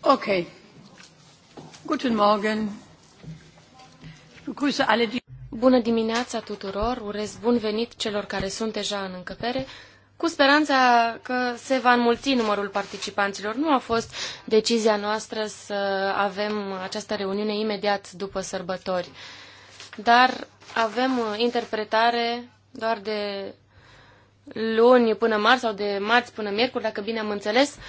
Okay. Guten Morgen. Ich begrüße alle, die Bună dimineața tuturor, urez bun venit celor care sunt deja în încăpere, cu speranța că se va înmulți numărul participanților. Nu a fost decizia noastră să avem această reuniune imediat după sărbători, dar avem interpretare doar de luni până marți sau de marți până miercuri, dacă bine am înțeles, uh,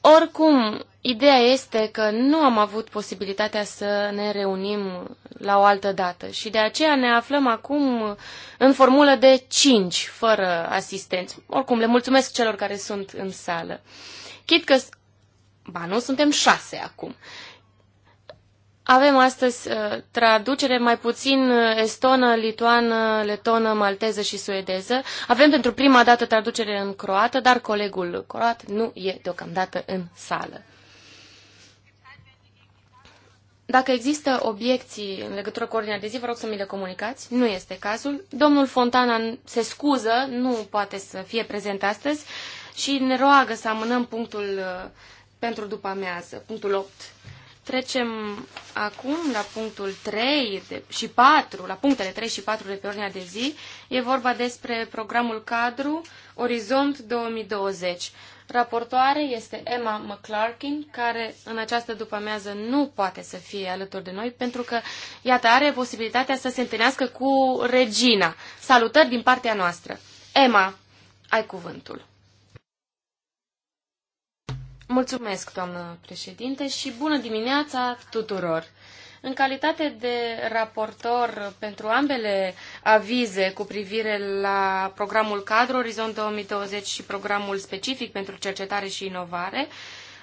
oricum, ideea este că nu am avut posibilitatea să ne reunim la o altă dată și de aceea ne aflăm acum în formulă de 5, fără asistenți. Oricum, le mulțumesc celor care sunt în sală. Chit că... Ba nu, suntem șase acum. Avem astăzi uh, traducere mai puțin uh, estonă, lituană, letonă, malteză și suedeză. Avem pentru prima dată traducere în croată, dar colegul croat nu e deocamdată în sală. Dacă există obiecții în legătură cu ordinea de zi, vă rog să mi le comunicați. Nu este cazul. Domnul Fontana se scuză, nu poate să fie prezent astăzi și ne roagă să amânăm punctul uh, pentru după amiază, punctul 8 Trecem acum la punctul 3 și 4, la punctele 3 și 4 de pe ordinea de zi. E vorba despre programul cadru Orizont 2020. Raportoare este Emma McClarkin, care în această după-amiază nu poate să fie alături de noi, pentru că, iată, are posibilitatea să se întâlnească cu Regina. Salutări din partea noastră. Emma, ai cuvântul. Mulțumesc, doamnă președinte, și bună dimineața tuturor! În calitate de raportor pentru ambele avize cu privire la programul cadru Orizont 2020 și programul specific pentru cercetare și inovare,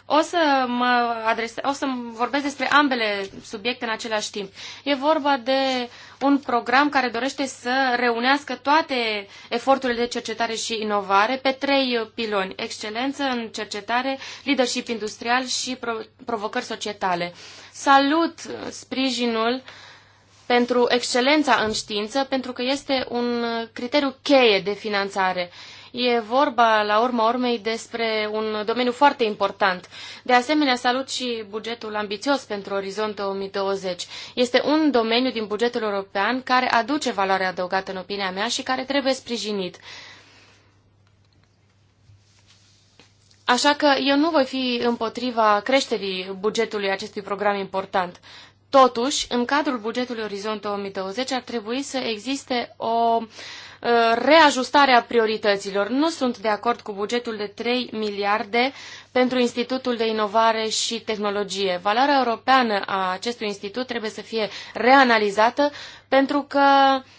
o să mă adrese, o să vorbesc despre ambele subiecte în același timp. E vorba de un program care dorește să reunească toate eforturile de cercetare și inovare pe trei piloni. Excelență în cercetare, leadership industrial și provocări societale. Salut sprijinul pentru excelența în știință, pentru că este un criteriu cheie de finanțare. E vorba, la urma urmei, despre un domeniu foarte important. De asemenea, salut și bugetul ambițios pentru Orizont 2020. Este un domeniu din bugetul european care aduce valoare adăugată, în opinia mea, și care trebuie sprijinit. Așa că eu nu voi fi împotriva creșterii bugetului acestui program important. Totuși, în cadrul bugetului Orizont 2020 ar trebui să existe o uh, reajustare a priorităților. Nu sunt de acord cu bugetul de 3 miliarde pentru Institutul de Inovare și Tehnologie. Valoarea europeană a acestui institut trebuie să fie reanalizată pentru că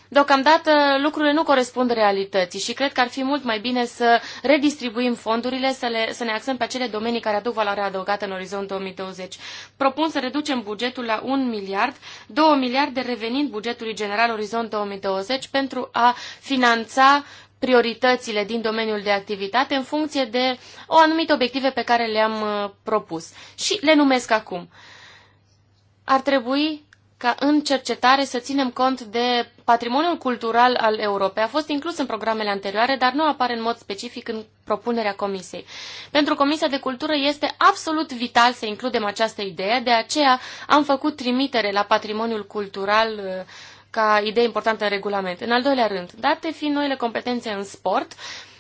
deocamdată lucrurile nu corespund realității și cred că ar fi mult mai bine să redistribuim fondurile, să, le, să ne axăm pe acele domenii care aduc valoare adăugată în orizont 2020. Propun să reducem bugetul la 1 miliard, 2 miliarde revenind bugetului general orizont 2020 pentru a finanța prioritățile din domeniul de activitate în funcție de o anumite obiective pe care le-am uh, propus. Și le numesc acum. Ar trebui ca în cercetare să ținem cont de patrimoniul cultural al Europei. A fost inclus în programele anterioare, dar nu apare în mod specific în propunerea Comisiei. Pentru Comisia de Cultură este absolut vital să includem această idee, de aceea am făcut trimitere la patrimoniul cultural uh, ca idee importantă în regulament. În al doilea rând, date fiind noile competențe în sport,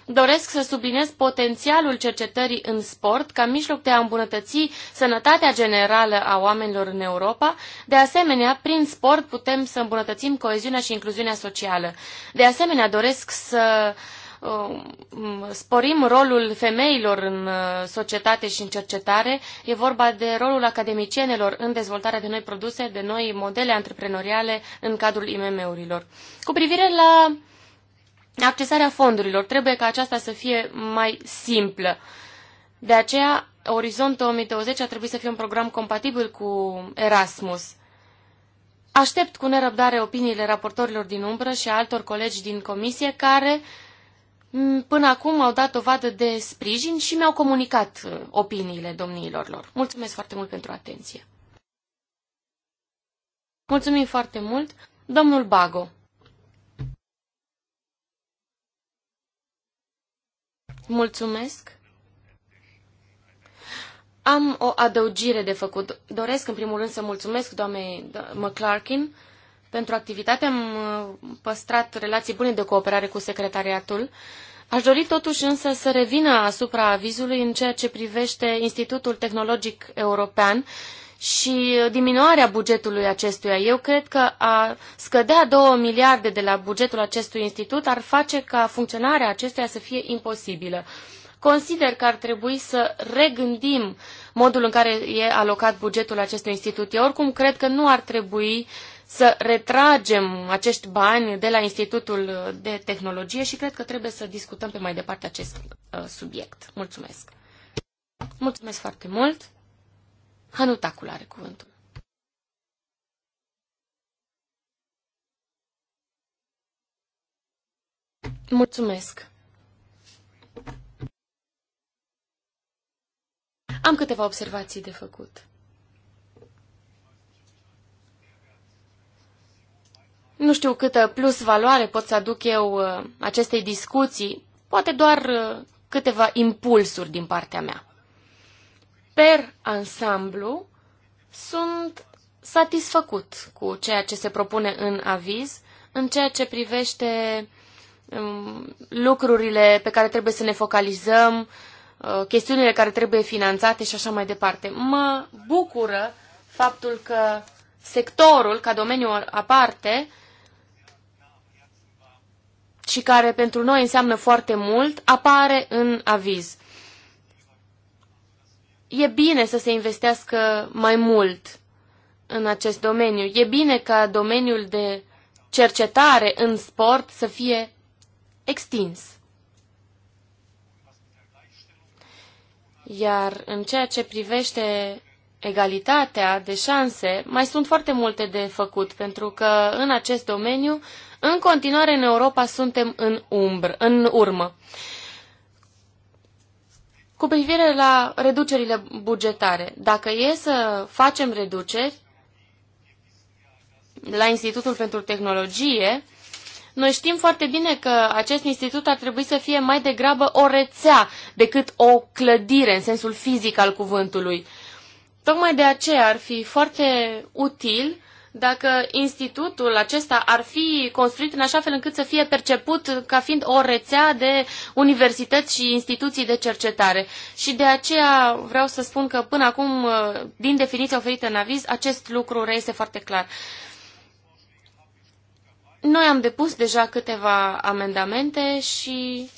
doresc să subliniez potențialul cercetării în sport ca mijloc de a îmbunătăți sănătatea generală a oamenilor în Europa. De asemenea, prin sport putem să îmbunătățim coeziunea și incluziunea socială. De asemenea, doresc să um, sporim rolul femeilor în uh, societate și în cercetare. E vorba de rolul academicienelor în dezvoltarea de noi produse, de noi modele antreprenoriale în cadrul IMM-urilor. Cu privire la accesarea fondurilor. Trebuie ca aceasta să fie mai simplă. De aceea, Orizont 2020 a trebuit să fie un program compatibil cu Erasmus. Aștept cu nerăbdare opiniile raportorilor din umbră și a altor colegi din comisie care până acum au dat dovadă de sprijin și mi-au comunicat uh, opiniile domniilor lor. Mulțumesc foarte mult pentru atenție. Mulțumim foarte mult, domnul Bago. Mulțumesc. Am o adăugire de făcut. Doresc, în primul rând, să mulțumesc doamnei McClarkin pentru activitate. Am uh, păstrat relații bune de cooperare cu secretariatul. Aș dori totuși însă să revină asupra avizului în ceea ce privește Institutul Tehnologic European și diminuarea bugetului acestuia. Eu cred că a scădea 2 miliarde de la bugetul acestui institut ar face ca funcționarea acestuia să fie imposibilă. Consider că ar trebui să regândim modul în care e alocat bugetul acestui institut. Eu oricum cred că nu ar trebui să retragem acești bani de la Institutul de Tehnologie și cred că trebuie să discutăm pe mai departe acest uh, subiect. Mulțumesc! Mulțumesc foarte mult! Hanutacul are cuvântul. Mulțumesc. Am câteva observații de făcut. Nu știu câtă plus valoare pot să aduc eu uh, acestei discuții, poate doar uh, câteva impulsuri din partea mea per ansamblu, sunt satisfăcut cu ceea ce se propune în aviz, în ceea ce privește um, lucrurile pe care trebuie să ne focalizăm, uh, chestiunile care trebuie finanțate și așa mai departe. Mă bucură faptul că sectorul, ca domeniu aparte, și care pentru noi înseamnă foarte mult, apare în aviz e bine să se investească mai mult în acest domeniu. E bine ca domeniul de cercetare în sport să fie extins. Iar în ceea ce privește egalitatea de șanse, mai sunt foarte multe de făcut, pentru că în acest domeniu, în continuare în Europa, suntem în, umbră, în urmă. Cu privire la reducerile bugetare, dacă e să facem reduceri la Institutul pentru Tehnologie, noi știm foarte bine că acest institut ar trebui să fie mai degrabă o rețea decât o clădire în sensul fizic al cuvântului. Tocmai de aceea ar fi foarte util dacă institutul acesta ar fi construit în așa fel încât să fie perceput ca fiind o rețea de universități și instituții de cercetare. Și de aceea vreau să spun că până acum, uh, din definiția oferită în aviz, acest lucru reiese foarte clar. Noi am depus deja câteva amendamente și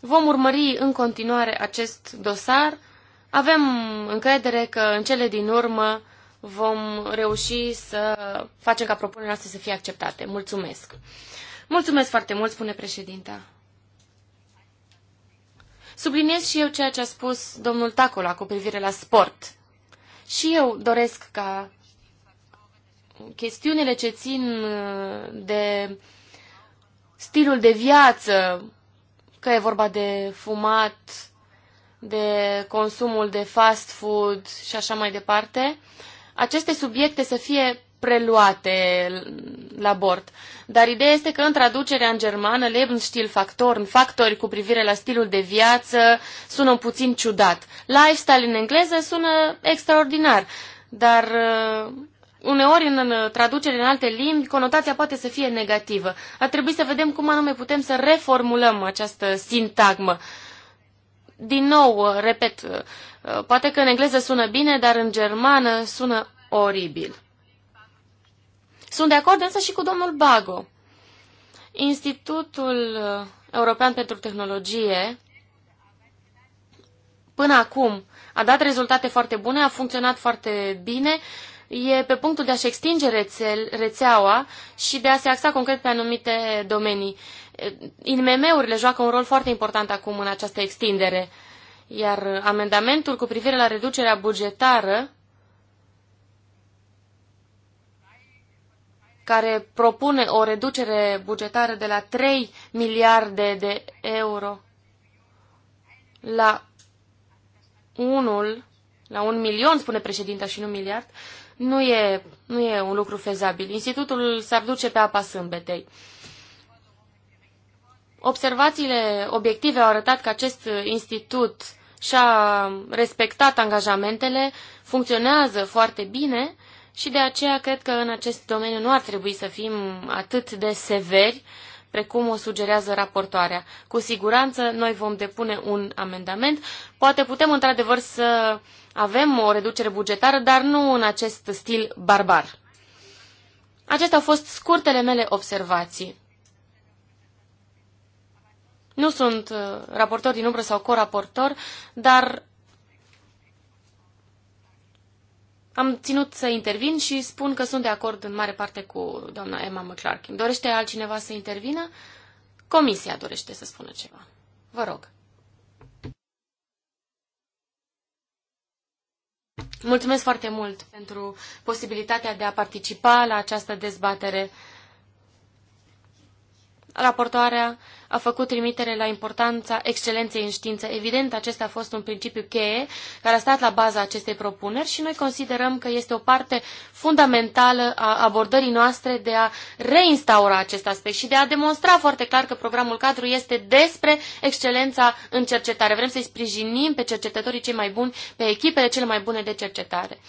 vom urmări în continuare acest dosar. Avem încredere că în cele din urmă vom reuși să facem ca propunerea noastră să fie acceptate. Mulțumesc! Mulțumesc foarte mult, spune președinta. Subliniez și eu ceea ce a spus domnul Tacola cu privire la sport. Și eu doresc ca chestiunile ce țin uh, de stilul de viață, că e vorba de fumat, de consumul de fast food și așa mai departe, aceste subiecte să fie preluate la bord. Dar ideea este că în traducerea în germană, în factori cu privire la stilul de viață, sună puțin ciudat. Lifestyle în engleză sună extraordinar, dar uh, uneori în traducere în alte limbi, conotația poate să fie negativă. Ar trebui să vedem cum anume putem să reformulăm această sintagmă din nou, uh, repet, uh, poate că în engleză sună bine, dar în germană sună oribil. Sunt de acord însă și cu domnul Bago. Institutul uh, European pentru Tehnologie până acum a dat rezultate foarte bune, a funcționat foarte bine e pe punctul de a-și extinge rețel, rețeaua și de a se axa concret pe anumite domenii. IMM-urile joacă un rol foarte important acum în această extindere, iar amendamentul cu privire la reducerea bugetară care propune o reducere bugetară de la 3 miliarde de euro la unul, la un milion, spune președinta și nu miliard, nu e, nu e un lucru fezabil. Institutul s-ar duce pe apa sâmbetei. Observațiile obiective au arătat că acest institut și-a respectat angajamentele, funcționează foarte bine și de aceea cred că în acest domeniu nu ar trebui să fim atât de severi precum o sugerează raportoarea. Cu siguranță noi vom depune un amendament. Poate putem într-adevăr să uh, avem o reducere bugetară, dar nu în acest stil barbar. Acestea au fost scurtele mele observații. Nu sunt uh, raportor din umbră sau coraportor, dar am ținut să intervin și spun că sunt de acord în mare parte cu doamna Emma McClarkin. Dorește altcineva să intervină? Comisia dorește să spună ceva. Vă rog. Mulțumesc foarte mult pentru posibilitatea de a participa la această dezbatere. Raportoarea a făcut trimitere la importanța excelenței în știință. Evident, acesta a fost un principiu cheie care a stat la baza acestei propuneri și noi considerăm că este o parte fundamentală a abordării noastre de a reinstaura acest aspect și de a demonstra foarte clar că programul cadru este despre excelența în cercetare. Vrem să-i sprijinim pe cercetătorii cei mai buni, pe echipele cele mai bune de cercetare.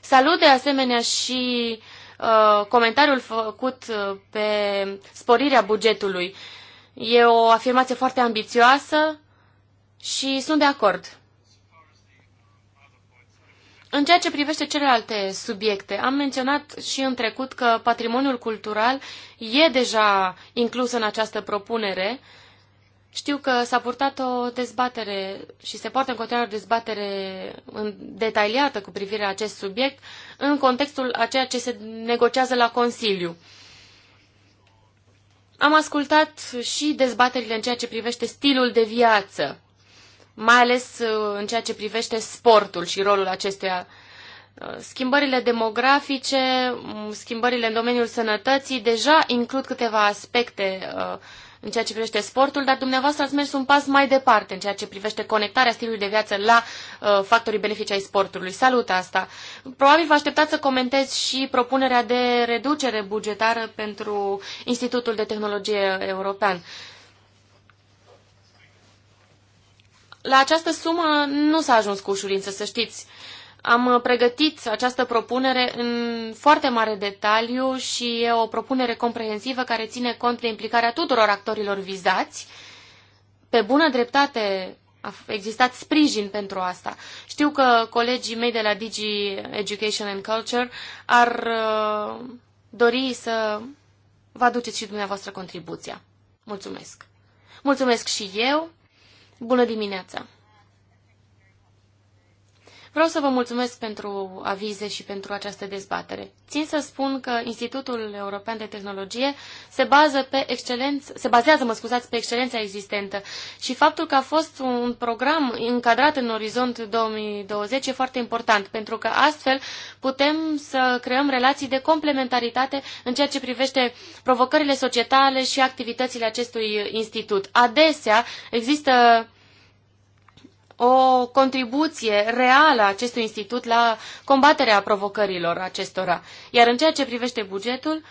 Salut de asemenea și uh, comentariul făcut uh, pe sporirea bugetului. Uh, E o afirmație foarte ambițioasă și sunt de acord. În ceea ce privește celelalte subiecte, am menționat și în trecut că patrimoniul cultural e deja inclus în această propunere. Știu că s-a purtat o dezbatere și se poartă în continuare o dezbatere detaliată cu privire la acest subiect în contextul a ceea ce se negociază la Consiliu. Am ascultat și dezbaterile în ceea ce privește stilul de viață, mai ales uh, în ceea ce privește sportul și rolul acestuia. Uh, schimbările demografice, schimbările în domeniul sănătății deja includ câteva aspecte uh, în ceea ce privește sportul, dar dumneavoastră ați mers un pas mai departe în ceea ce privește conectarea stilului de viață la uh, factorii benefici ai sportului. Salut asta! Probabil vă așteptați să comentezi și propunerea de reducere bugetară pentru Institutul de Tehnologie European. La această sumă nu s-a ajuns cu ușurință, să știți. Uh, am uh, pregătit această propunere în foarte mare detaliu și e o propunere comprehensivă care ține cont de implicarea tuturor actorilor vizați. Pe bună dreptate a existat sprijin pentru asta. Știu că colegii mei de la Digi Education and Culture ar uh, dori să vă aduceți și dumneavoastră contribuția. Mulțumesc! Mulțumesc și eu! Bună dimineața! Vreau să vă mulțumesc pentru avize și pentru această dezbatere. Țin să spun că Institutul European de Tehnologie se, bază pe excelență, se bazează mă scuzați, pe excelența existentă și faptul că a fost un program încadrat în Orizont 2020 e foarte important, pentru că astfel putem să creăm relații de complementaritate în ceea ce privește provocările societale și activitățile acestui institut. Adesea există o contribuție reală a acestui institut la combaterea provocărilor acestora. Iar în ceea ce privește bugetul,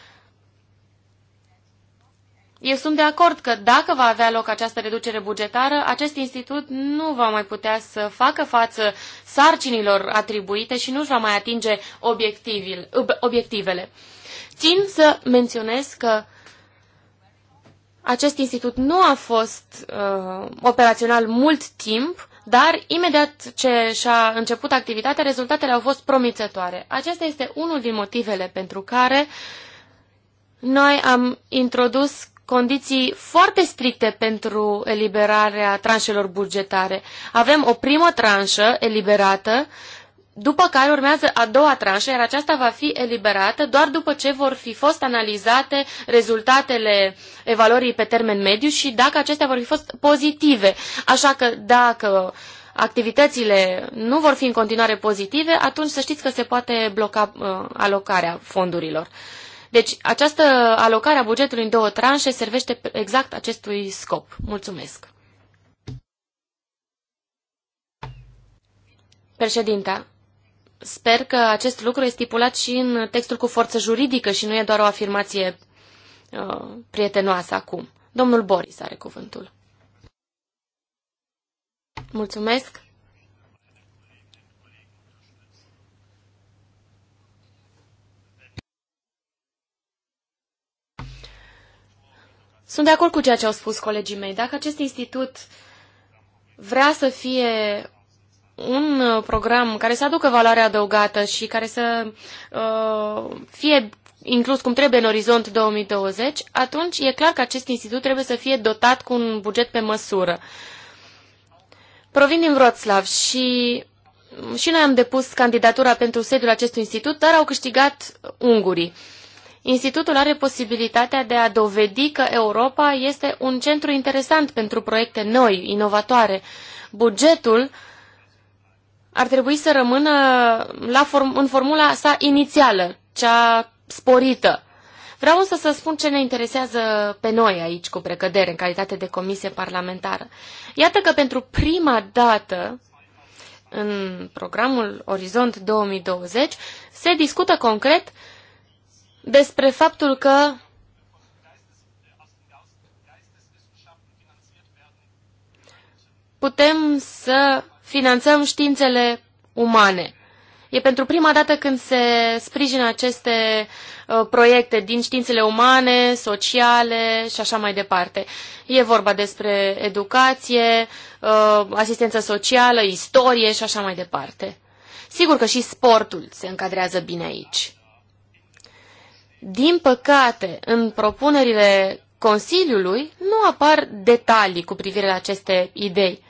eu sunt de acord că dacă va avea loc această reducere bugetară, acest institut nu va mai putea să facă față sarcinilor atribuite și nu își va mai atinge obiectivele. Țin să menționez că acest institut nu a fost uh, operațional mult timp dar imediat ce și-a început activitatea, rezultatele au fost promițătoare. Acesta este unul din motivele pentru care noi am introdus condiții foarte stricte pentru eliberarea tranșelor bugetare. Avem o primă tranșă eliberată după care urmează a doua tranșă, iar aceasta va fi eliberată doar după ce vor fi fost analizate rezultatele evaluării pe termen mediu și dacă acestea vor fi fost pozitive. Așa că dacă activitățile nu vor fi în continuare pozitive, atunci să știți că se poate bloca uh, alocarea fondurilor. Deci această alocare a bugetului în două tranșe servește exact acestui scop. Mulțumesc! Președinta, Sper că acest lucru este stipulat și în textul cu forță juridică și nu e doar o afirmație uh, prietenoasă acum. Domnul Boris are cuvântul. Mulțumesc. Sunt de acord cu ceea ce au spus colegii mei. Dacă acest institut vrea să fie un uh, program care să aducă valoare adăugată și care să uh, fie inclus cum trebuie în orizont 2020, atunci e clar că acest institut trebuie să fie dotat cu un buget pe măsură. Provin din Wroclaw și și noi am depus candidatura pentru sediul acestui institut, dar au câștigat ungurii. Institutul are posibilitatea de a dovedi că Europa este un centru interesant pentru proiecte noi, inovatoare. Bugetul uh, ar trebui să rămână la form- în formula sa inițială, cea sporită. Vreau însă să spun ce ne interesează pe noi aici cu precădere în calitate de comisie parlamentară. Iată că pentru prima dată în programul Orizont 2020 se discută concret despre faptul că putem să finanțăm științele umane. E pentru prima dată când se sprijină aceste uh, proiecte din științele umane, sociale și așa mai departe. E vorba despre educație, uh, asistență socială, istorie și așa mai departe. Sigur că și sportul se încadrează bine aici. Din păcate, în propunerile Consiliului nu apar detalii cu privire la aceste idei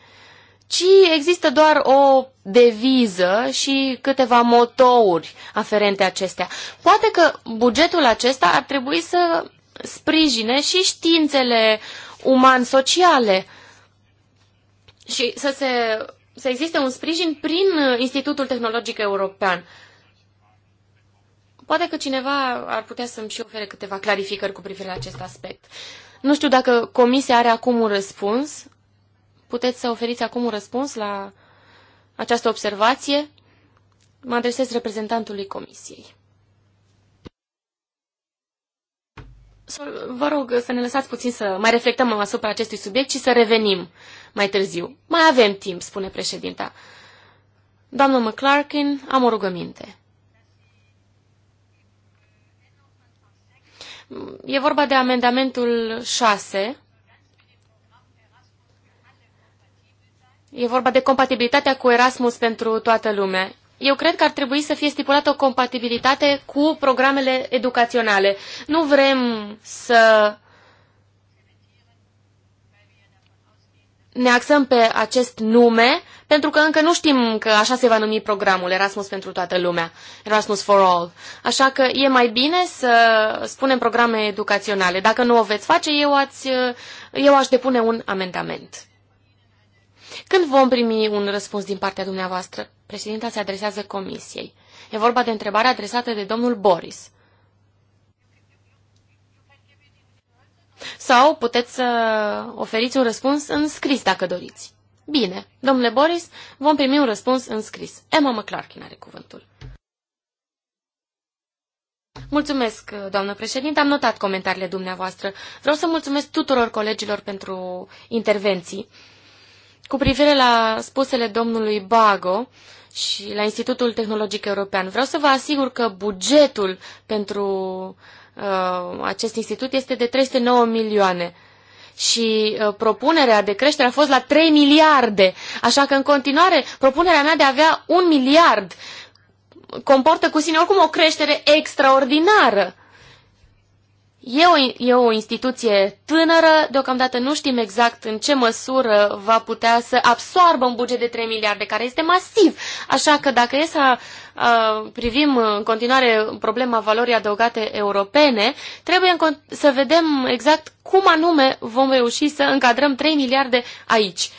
ci există doar o deviză și câteva motouri aferente acestea. Poate că bugetul acesta ar trebui să sprijine și științele uman-sociale și să, se, să existe un sprijin prin Institutul Tehnologic European. Poate că cineva ar putea să-mi și ofere câteva clarificări cu privire la acest aspect. Nu știu dacă comisia are acum un răspuns. Puteți să oferiți acum un răspuns la această observație? Mă adresez reprezentantului Comisiei. Vă rog să ne lăsați puțin să mai reflectăm asupra acestui subiect și să revenim mai târziu. Mai avem timp, spune președinta. Doamnă McClarkin, am o rugăminte. E vorba de amendamentul 6 E vorba de compatibilitatea cu Erasmus pentru toată lumea. Eu cred că ar trebui să fie stipulată o compatibilitate cu programele educaționale. Nu vrem să ne axăm pe acest nume, pentru că încă nu știm că așa se va numi programul Erasmus pentru toată lumea, Erasmus for All. Așa că e mai bine să spunem programe educaționale. Dacă nu o veți face, eu, ați, eu aș depune un amendament. Când vom primi un răspuns din partea dumneavoastră? Președinta se adresează comisiei. E vorba de întrebare adresată de domnul Boris. Sau puteți să oferiți un răspuns în scris, dacă doriți. Bine, domnule Boris, vom primi un răspuns în scris. Emma McClarkin are cuvântul. Mulțumesc, doamnă președinte, am notat comentariile dumneavoastră. Vreau să mulțumesc tuturor colegilor pentru intervenții. Cu privire la spusele domnului Bago și la Institutul Tehnologic European, vreau să vă asigur că bugetul pentru uh, acest institut este de 309 milioane și uh, propunerea de creștere a fost la 3 miliarde, așa că în continuare propunerea mea de a avea un miliard comportă cu sine oricum o creștere extraordinară. E o, e o instituție tânără, deocamdată nu știm exact în ce măsură va putea să absoarbă un buget de 3 miliarde, care este masiv. Așa că dacă e să uh, privim în continuare problema valorii adăugate europene, trebuie să vedem exact cum anume vom reuși să încadrăm 3 miliarde aici.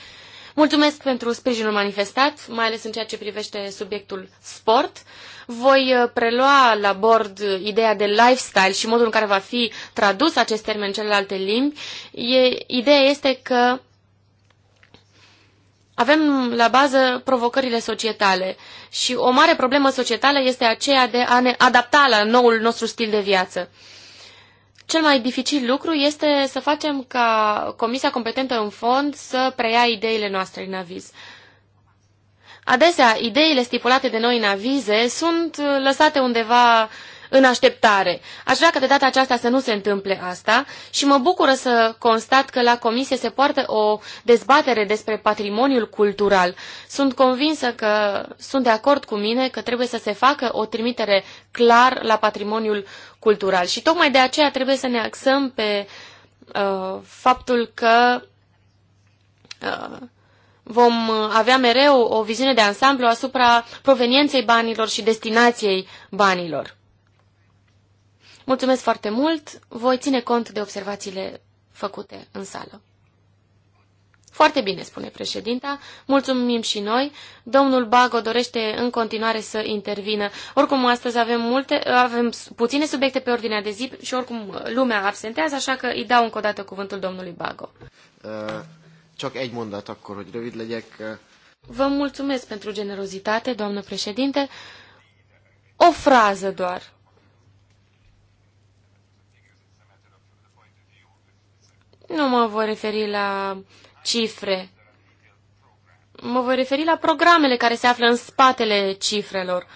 Mulțumesc pentru sprijinul manifestat, mai ales în ceea ce privește subiectul sport. Voi uh, prelua la bord ideea de lifestyle și modul în care va fi tradus acest termen în celelalte limbi. E, ideea este că avem la bază provocările societale și o mare problemă societală este aceea de a ne adapta la noul nostru stil de viață. Cel mai dificil lucru este să facem ca comisia competentă în fond să preia ideile noastre în aviz. Adesea, ideile stipulate de noi în avize sunt uh, lăsate undeva în așteptare. Aș vrea că de data aceasta să nu se întâmple asta și mă bucură să constat că la comisie se poartă o dezbatere despre patrimoniul cultural. Sunt convinsă că sunt de acord cu mine că trebuie să se facă o trimitere clar la patrimoniul cultural și tocmai de aceea trebuie să ne axăm pe uh, faptul că uh, vom uh, avea mereu o viziune de ansamblu asupra provenienței banilor și destinației banilor. Mulțumesc foarte mult, voi ține cont de observațiile făcute în sală. Foarte bine, spune președinta, mulțumim și noi. Domnul Bago dorește în continuare să intervină. Oricum, astăzi avem, multe, avem puține subiecte pe ordinea de zi și oricum uh, lumea absentează, așa că îi dau încă o dată cuvântul domnului Bago. Uh... Csak egy mondat akkor, hogy rövid legyek. Vă mulțumesc pentru generozitate, doamnă președinte. O frază doar. Nu mă voi referi la cifre. Mă voi referi la programele care se află în spatele cifrelor.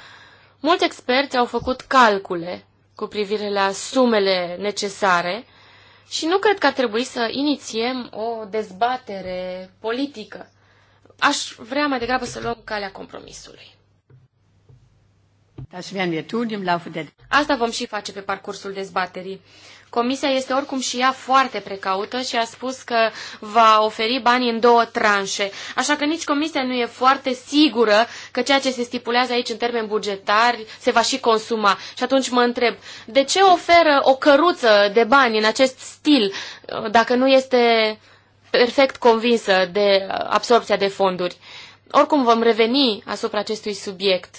Mulți experți au făcut calcule cu privire la sumele necesare și nu cred că ar trebui să inițiem o dezbatere politică. Aș vrea mai degrabă să luăm calea compromisului. Asta vom și face pe parcursul dezbaterii. Comisia este oricum și ea foarte precaută și a spus că va oferi bani în două tranșe. Așa că nici Comisia nu e foarte sigură că ceea ce se stipulează aici în termeni bugetari se va și consuma. Și atunci mă întreb, de ce oferă o căruță de bani în acest stil dacă nu este perfect convinsă de absorpția de fonduri? Oricum vom reveni asupra acestui subiect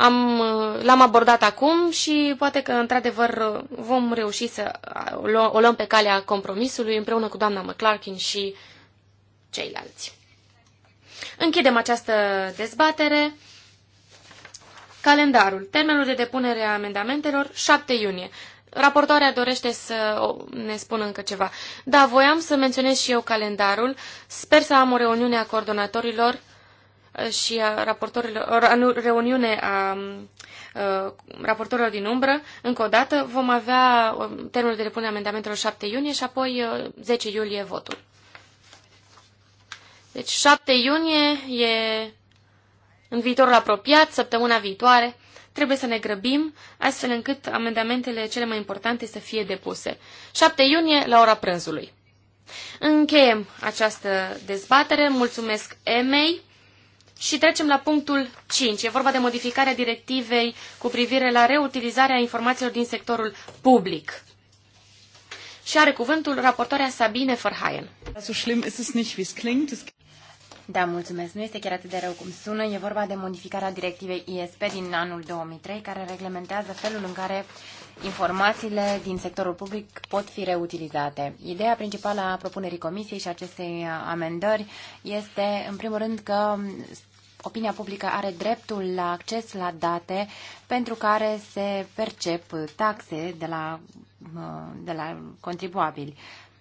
am, l-am abordat acum și poate că, într-adevăr, vom reuși să o luăm, pe calea compromisului împreună cu doamna McClarkin și ceilalți. Închidem această dezbatere. Calendarul. Termenul de depunere a amendamentelor 7 iunie. Raportoarea dorește să ne spună încă ceva. Da, voiam să menționez și eu calendarul. Sper să am o reuniune a coordonatorilor și a raportorilor, reuniune a um, uh, raportorilor din umbră. Încă o dată vom avea um, termenul de depunere amendamentelor 7 iunie și apoi 10 uh, iulie votul. Deci 7 iunie e în viitorul apropiat, săptămâna viitoare. Trebuie să ne grăbim astfel încât amendamentele cele mai importante să fie depuse. 7 iunie la ora prânzului. Încheiem această dezbatere. Mulțumesc Emei și trecem la punctul 5. E vorba de modificarea directivei cu privire la reutilizarea informațiilor din sectorul public. Și are cuvântul raportoarea Sabine Verheyen. Da, mulțumesc. Nu este chiar atât de rău cum sună. E vorba de modificarea directivei ISP din anul 2003, care reglementează felul în care informațiile din sectorul public pot fi reutilizate. Ideea principală a propunerii comisiei și acestei amendări este, în primul rând, că opinia publică are dreptul la acces la date pentru care se percep taxe de la, de la contribuabili.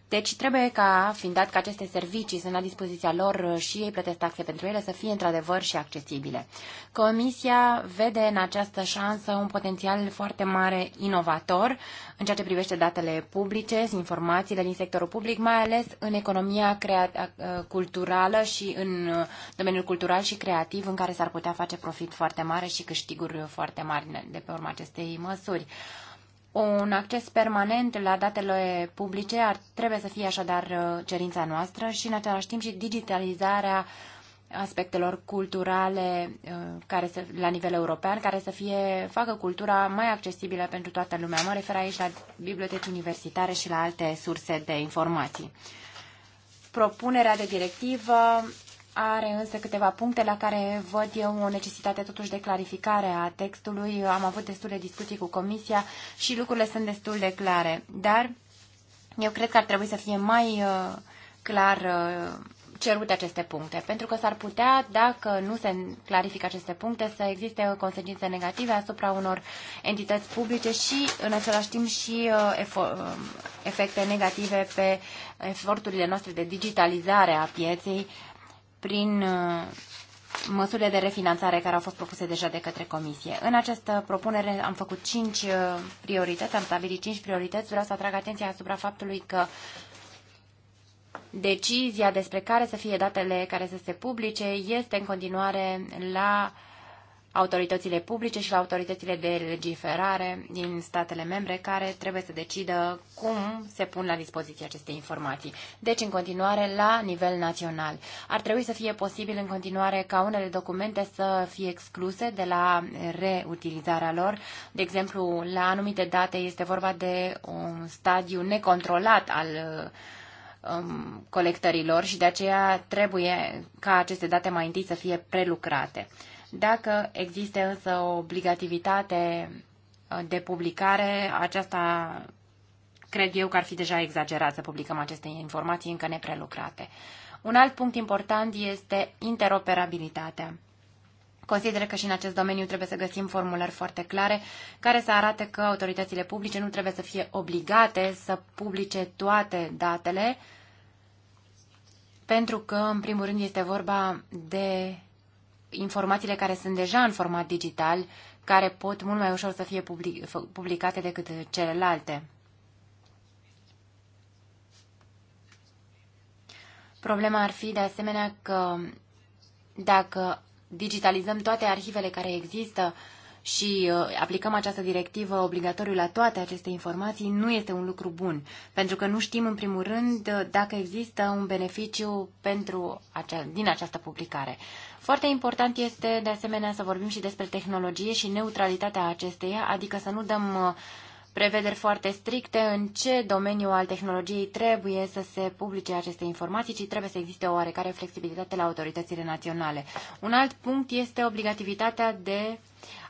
Deci trebuie ca, fiind dat că aceste servicii sunt la dispoziția lor uh, și ei plătesc taxe pentru ele, să fie într-adevăr și accesibile. Comisia vede în această șansă un potențial foarte mare inovator în ceea ce privește datele publice, informațiile din sectorul public, mai ales în economia culturală și în uh, domeniul cultural și creativ, în care s-ar putea face profit foarte mare și câștiguri foarte mari de pe urma acestei măsuri. Un acces permanent la datele publice ar, trebuie să fie așadar uh, cerința noastră și în același timp și digitalizarea aspectelor culturale uh, care să, la nivel european, care să fie, facă cultura mai accesibilă pentru toată lumea. Mă refer aici la biblioteci universitare și la alte surse de informații. Propunerea de directivă are însă câteva puncte la care văd eu o necesitate totuși de clarificare a textului. Am avut destule discuții cu Comisia și lucrurile sunt destul de clare. Dar eu cred că ar trebui să fie mai uh, clar uh, cerute aceste puncte, pentru că s-ar putea, dacă nu se clarifică aceste puncte, să existe consecințe negative asupra unor entități publice și, în același timp, și uh, efecte negative pe eforturile noastre de digitalizare a pieței prin uh, măsurile de refinanțare care au fost propuse deja de către Comisie. În această propunere am făcut cinci uh, priorități, am stabilit cinci priorități. Vreau să atrag atenția asupra faptului că decizia despre care să fie datele care să se publice este în continuare la uh, autoritățile publice și la autoritățile de legiferare din statele membre care trebuie să decidă cum se pun la dispoziție aceste informații. Deci, în continuare, la nivel național. Ar trebui să fie posibil în continuare ca unele documente să fie excluse de la reutilizarea lor. De exemplu, la anumite date este vorba de un stadiu necontrolat al um, colectărilor și de aceea trebuie ca aceste date mai întâi să fie prelucrate. Dacă există însă o obligativitate uh, de publicare, aceasta cred eu că ar fi deja exagerat să publicăm aceste informații încă neprelucrate. Un alt punct important este interoperabilitatea. Consider că și în acest domeniu trebuie să găsim formulări foarte clare care să arate că autoritățile publice nu trebuie să fie obligate să publice toate datele, pentru că, în primul rând, este vorba de informațiile care sunt deja în format digital, care pot mult mai ușor să fie publicate decât celelalte. Problema ar fi, de asemenea, că dacă digitalizăm toate arhivele care există, și uh, aplicăm această directivă obligatoriu la toate aceste informații, nu este un lucru bun, pentru că nu știm, în primul rând, uh, dacă există un beneficiu pentru acea, din această publicare. Foarte important este, de asemenea, să vorbim și despre tehnologie și neutralitatea acesteia, adică să nu dăm uh, prevederi foarte stricte în ce domeniu al tehnologiei trebuie să se publice aceste informații, ci trebuie să existe o oarecare flexibilitate la autoritățile naționale. Un alt punct este obligativitatea de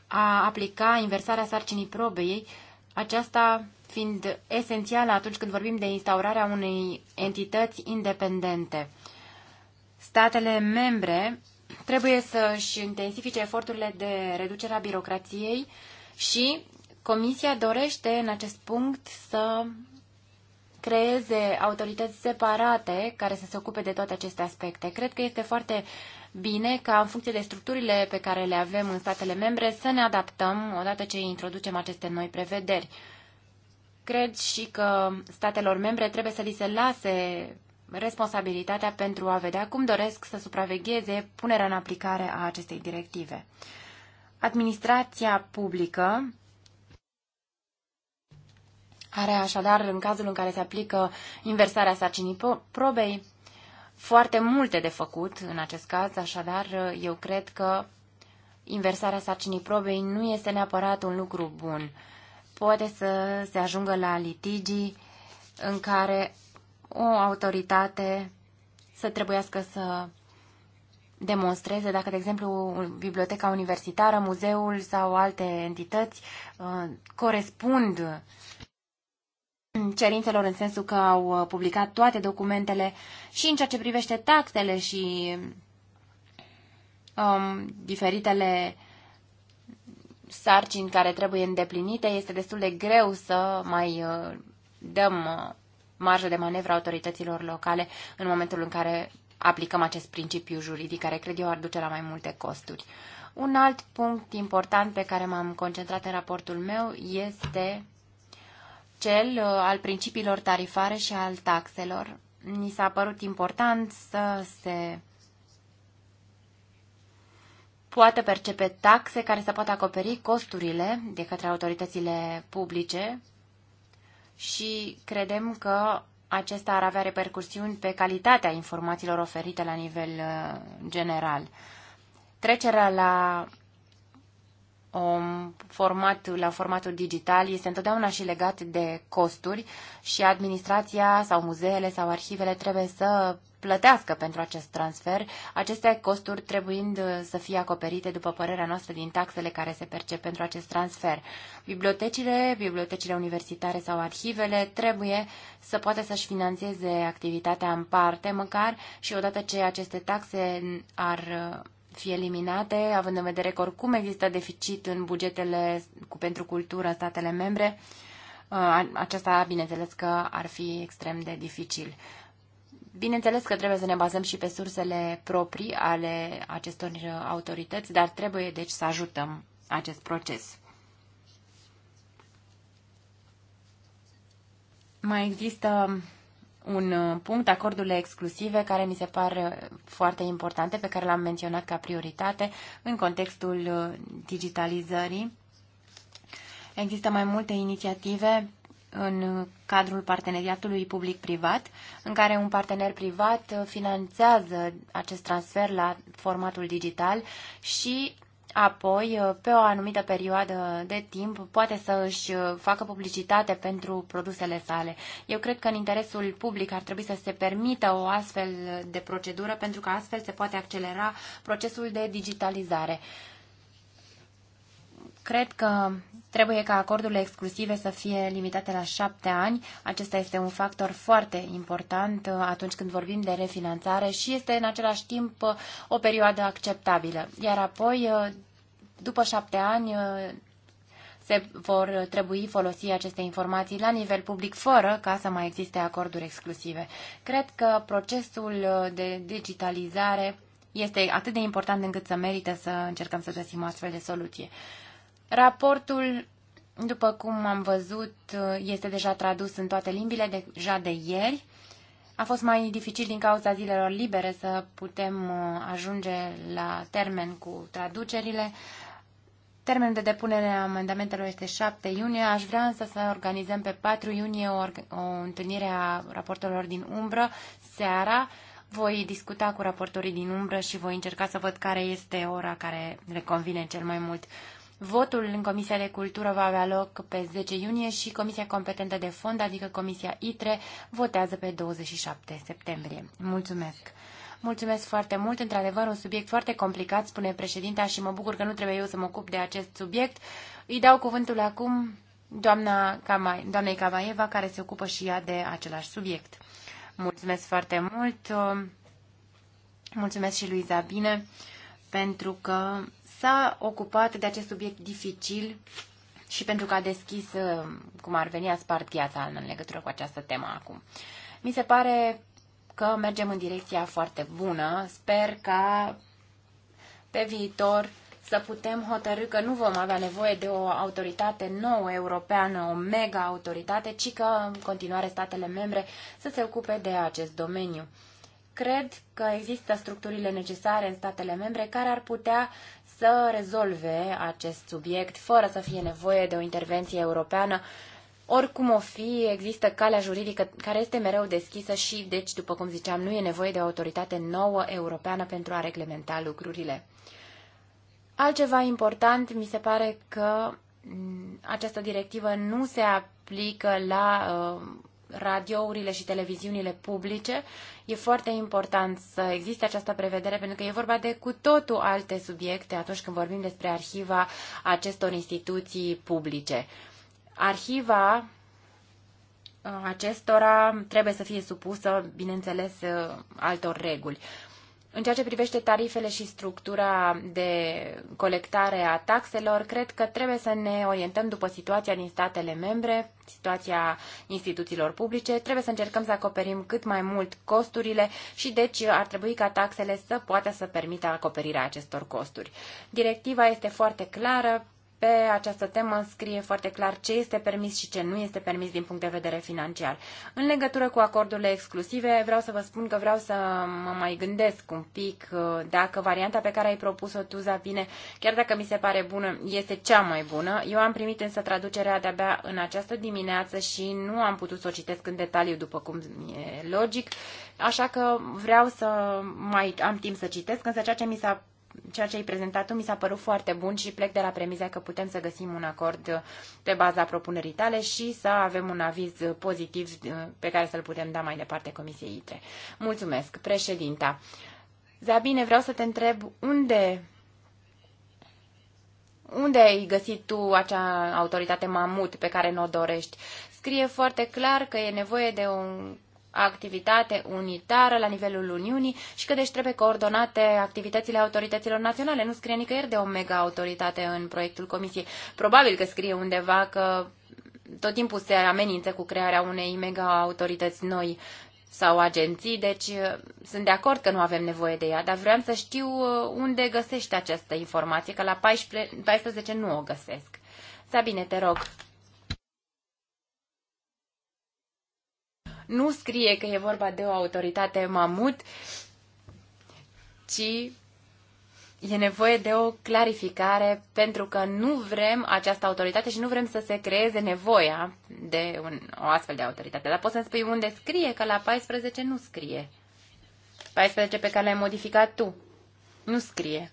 a aplica inversarea sarcinii probei, aceasta fiind esențială atunci când vorbim de instaurarea unei entități independente. Statele membre trebuie să-și intensifice eforturile de reducere a birocrației și Comisia dorește în acest punct să creeze autorități separate care să se ocupe de toate aceste aspecte. Cred că este foarte bine ca în funcție de structurile pe care le avem în statele membre să ne adaptăm odată ce introducem aceste noi prevederi. Cred și că statelor membre trebuie să li se lase responsabilitatea pentru a vedea cum doresc să supravegheze punerea în aplicare a acestei directive. Administrația publică are așadar, în cazul în care se aplică inversarea sarcinii probei, foarte multe de făcut în acest caz, așadar eu cred că inversarea sarcinii probei nu este neapărat un lucru bun. Poate să se ajungă la litigii în care o autoritate să trebuiască să demonstreze dacă, de exemplu, biblioteca universitară, muzeul sau alte entități uh, corespund cerințelor în sensul că au uh, publicat toate documentele și în ceea ce privește taxele și um, diferitele sarcini care trebuie îndeplinite, este destul de greu să mai uh, dăm uh, marjă de manevră autorităților locale în momentul în care aplicăm acest principiu juridic, care cred eu ar duce la mai multe costuri. Un alt punct important pe care m-am concentrat în raportul meu este cel uh, al principiilor tarifare și al taxelor. Ni s-a părut important să se poată percepe taxe care să poată acoperi costurile de către autoritățile publice și credem că acesta ar avea repercursiuni pe calitatea informațiilor oferite la nivel uh, general. Trecerea la um, format, la formatul digital este întotdeauna și legat de costuri și administrația sau muzeele sau arhivele trebuie să plătească pentru acest transfer, aceste costuri trebuind să fie acoperite, după părerea noastră, din taxele care se percep pentru acest transfer. Bibliotecile, bibliotecile universitare sau arhivele trebuie să poată să-și financeze activitatea în parte, măcar și odată ce aceste taxe ar fi eliminate, având în vedere că oricum există deficit în bugetele cu, pentru cultură statele membre, uh, aceasta, bineînțeles că ar fi extrem de dificil. Bineînțeles că trebuie să ne bazăm și pe sursele proprii ale acestor uh, autorități, dar trebuie deci să ajutăm acest proces. Mai există un uh, punct, acordurile exclusive, care mi se par uh, foarte importante, pe care l-am menționat ca prioritate în contextul uh, digitalizării. Există mai multe inițiative în cadrul parteneriatului public-privat, în care un partener privat finanțează acest transfer la formatul digital și apoi, uh, pe o anumită perioadă de timp, poate să își uh, facă publicitate pentru produsele sale. Eu cred că în interesul public ar trebui să se permită o astfel de procedură, pentru că astfel se poate accelera procesul de digitalizare. Cred că trebuie ca acordurile exclusive să fie limitate la șapte ani. Acesta este un factor foarte important uh, atunci când vorbim de refinanțare și este în același timp uh, o perioadă acceptabilă. Iar apoi, uh, după șapte ani, se vor trebui folosi aceste informații la nivel public fără ca să mai existe acorduri exclusive. Cred că procesul de digitalizare este atât de important încât să merită să încercăm să găsim o astfel de soluție. Raportul, după cum am văzut, este deja tradus în toate limbile, deja de ieri. A fost mai dificil din cauza zilelor libere să putem uh, ajunge la termen cu traducerile. Termenul de depunere a amendamentelor este 7 iunie. Aș vrea însă să organizăm pe 4 iunie o, o întâlnire a raportorilor din umbră seara. Voi discuta cu raportorii din umbră și voi încerca să văd care este ora care le convine cel mai mult. Votul în Comisia de Cultură va avea loc pe 10 iunie și Comisia competentă de fond, adică Comisia ITRE, votează pe 27 septembrie. Mulțumesc! Mulțumesc foarte mult, într-adevăr un subiect foarte complicat, spune președinta și mă bucur că nu trebuie eu să mă ocup de acest subiect. Îi dau cuvântul acum doamna Camai, doamnei Camaeva, care se ocupă și ea de același subiect. Mulțumesc foarte mult, mulțumesc și lui Zabine pentru că s-a ocupat de acest subiect dificil și pentru că a deschis, uh, cum ar veni, a spart gheața în legătură cu această temă acum. Mi se pare că mergem în direcția foarte bună. Sper ca pe viitor să putem hotărâ că nu vom avea nevoie de o autoritate nouă europeană, o mega autoritate, ci că în continuare statele membre să se ocupe de acest domeniu. Cred că există structurile necesare în statele membre care ar putea să rezolve acest subiect fără să fie nevoie de o intervenție europeană. Oricum o fi, există calea juridică care este mereu deschisă și, deci, după cum ziceam, nu e nevoie de o autoritate nouă europeană pentru a reglementa lucrurile. Altceva important, mi se pare că această directivă nu se aplică la uh, radiourile și televiziunile publice. E foarte important să existe această prevedere pentru că e vorba de cu totul alte subiecte atunci când vorbim despre arhiva acestor instituții publice. Arhiva uh, acestora trebuie să fie supusă, bineînțeles, uh, altor reguli. În ceea ce privește tarifele și structura de colectare a taxelor, cred că trebuie să ne orientăm după situația din statele membre, situația instituțiilor publice. Trebuie să încercăm să acoperim cât mai mult costurile și deci ar trebui ca taxele să poată să permită acoperirea acestor costuri. Directiva este foarte clară, pe această temă scrie foarte clar ce este permis și ce nu este permis din punct de vedere financiar. În legătură cu acordurile exclusive, vreau să vă spun că vreau să mă mai gândesc un pic uh, dacă varianta pe care ai propus-o tu, Zabine, chiar dacă mi se pare bună, este cea mai bună. Eu am primit însă traducerea de-abia în această dimineață și nu am putut să o citesc în detaliu, după cum e logic, așa că vreau să mai am timp să citesc, însă ceea ce mi s-a ceea ce ai prezentat tu mi s-a părut foarte bun și plec de la premiza că putem să găsim un acord pe baza propunerii tale și să avem un aviz pozitiv uh, pe care să-l putem da mai departe Comisiei ITRE. Mulțumesc, președinta. Zabine, vreau să te întreb unde unde ai găsit tu acea autoritate mamut pe care nu o dorești? Scrie foarte clar că e nevoie de un activitate unitară la nivelul Uniunii și că deci trebuie coordonate activitățile autorităților naționale. Nu scrie nicăieri de o mega-autoritate în proiectul Comisiei. Probabil că scrie undeva că tot timpul se amenință cu crearea unei mega-autorități noi sau agenții, deci uh, sunt de acord că nu avem nevoie de ea, dar vreau să știu uh, unde găsești această informație, că la 14, 14 nu o găsesc. Sabine, te rog. nu scrie că e vorba de o autoritate mamut, ci e nevoie de o clarificare pentru că nu vrem această autoritate și nu vrem să se creeze nevoia de un, o astfel de autoritate. Dar poți să-mi spui unde scrie, că la 14 nu scrie. 14 pe care l-ai modificat tu. Nu scrie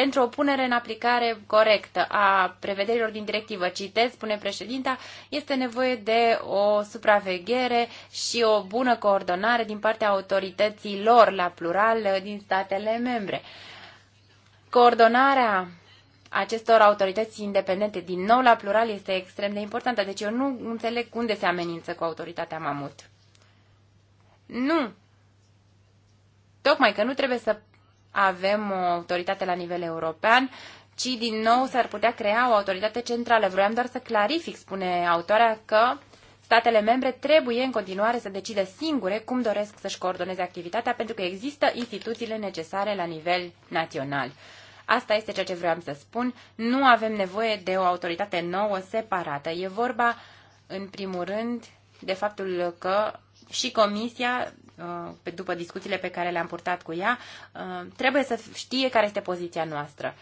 pentru o punere în aplicare corectă a prevederilor din directivă, citez, spune președinta, este nevoie de o supraveghere și o bună coordonare din partea autorităților, la plural, din statele membre. Coordonarea acestor autorități independente, din nou la plural, este extrem de importantă. Deci eu nu înțeleg unde se amenință cu autoritatea mamut. Nu! Tocmai că nu trebuie să avem o autoritate la nivel european, ci din nou s-ar putea crea o autoritate centrală. Vroiam doar să clarific, spune autoarea, că statele membre trebuie în continuare să decide singure cum doresc să-și coordoneze activitatea, pentru că există instituțiile necesare la nivel național. Asta este ceea ce vreau să spun. Nu avem nevoie de o autoritate nouă separată. E vorba, în primul rând, de faptul că și Comisia Uh, după discuțiile pe care le-am purtat cu ea, uh, trebuie să știe care este poziția noastră.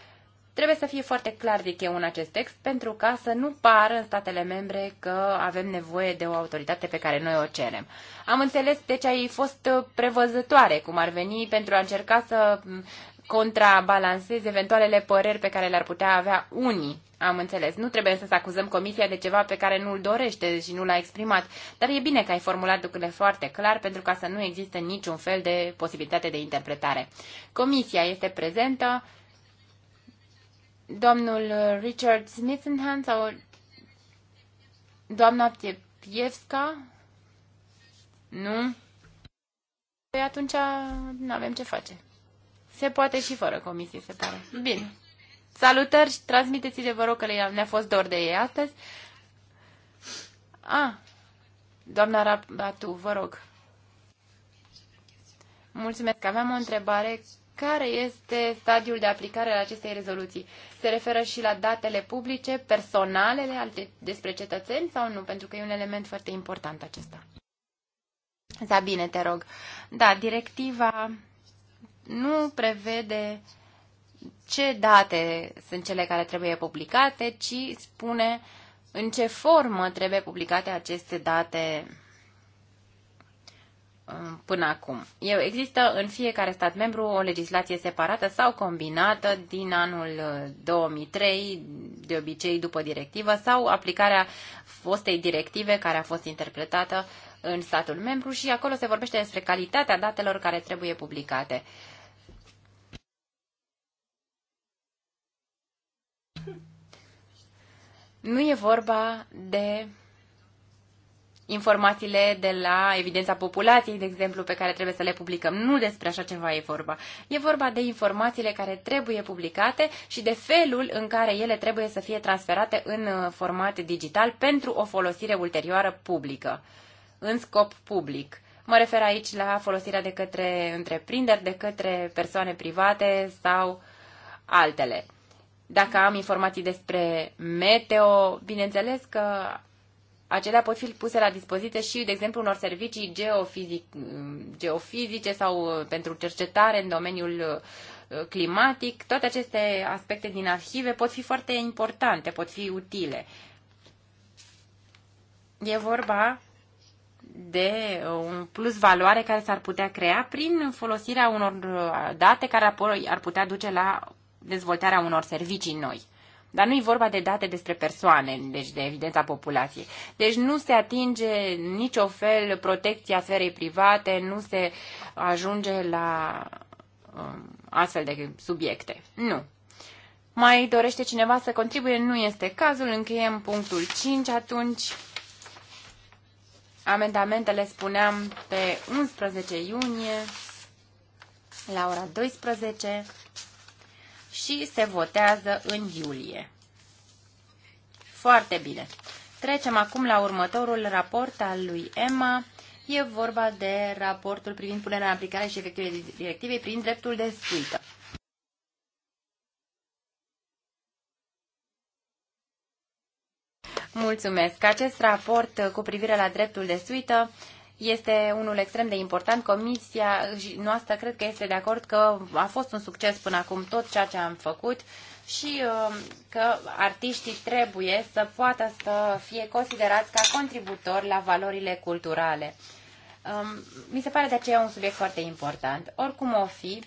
Trebuie să fie foarte clar de cheu în acest text pentru ca să nu pară în statele membre că avem nevoie de o autoritate pe care noi o cerem. Am înțeles de ce ai fost uh, prevăzătoare cum ar veni pentru a încerca să mm, contrabalanceze eventualele păreri pe care le-ar putea avea unii am înțeles. Nu trebuie să acuzăm comisia de ceva pe care nu îl dorește și nu l-a exprimat, dar e bine că ai formulat lucrurile foarte clar pentru ca să nu existe niciun fel de posibilitate de interpretare. Comisia este prezentă. Domnul Richard Smithenhan sau doamna Pievska? Nu? Păi atunci nu avem ce face. Se poate și fără comisie, se pare. Bine. Salutări, și transmiteți-le, vă rog, că ne-a fost dor de ei astăzi. A, ah, doamna Rabatu, vă rog. Mulțumesc. Aveam o întrebare. Care este stadiul de aplicare al acestei rezoluții? Se referă și la datele publice, personalele despre cetățeni sau nu? Pentru că e un element foarte important acesta. Da, bine, te rog. Da, directiva nu prevede ce date sunt cele care trebuie publicate, ci spune în ce formă trebuie publicate aceste date um, până acum. Eu există în fiecare stat membru o legislație separată sau combinată din anul 2003, uh, de obicei după directivă, sau aplicarea fostei directive care a fost interpretată în statul membru și acolo se vorbește despre calitatea datelor care trebuie publicate. Uh, Nu e vorba de informațiile de la evidența populației, de exemplu, pe care trebuie să le publicăm. Nu despre așa ceva e vorba. E vorba de informațiile care trebuie publicate și de felul în care ele trebuie să fie transferate în uh, format digital pentru o folosire ulterioară publică, în scop public. Mă refer aici la folosirea de către întreprinderi, de către persoane private sau altele. Dacă am informații despre meteo, bineînțeles că acelea pot fi puse la dispoziție și, de exemplu, unor servicii geofizic, geofizice sau uh, pentru cercetare în domeniul uh, climatic. Toate aceste aspecte din arhive pot fi foarte importante, pot fi utile. E vorba de uh, un plus valoare care s-ar putea crea prin folosirea unor date care apoi ar putea duce la dezvoltarea unor servicii noi. Dar nu e vorba de date despre persoane, deci de evidența populației. Deci nu se atinge nicio fel protecția sferei private, nu se ajunge la um, astfel de subiecte. Nu. Mai dorește cineva să contribuie? Nu este cazul. Încheiem punctul 5 atunci. Amendamentele, spuneam, pe 11 iunie la ora 12 și se votează în iulie. Foarte bine. Trecem acum la următorul raport al lui Emma. E vorba de raportul privind punerea în aplicare și efectuarea directivei prin dreptul de suită. Mulțumesc! Acest raport cu privire la dreptul de suită este unul extrem de important. Comisia noastră cred că este de acord că a fost un succes până acum tot ceea ce am făcut și um, că artiștii trebuie să poată să fie considerați ca contributori la valorile culturale. Um, mi se pare de aceea un subiect foarte important. Oricum o fi,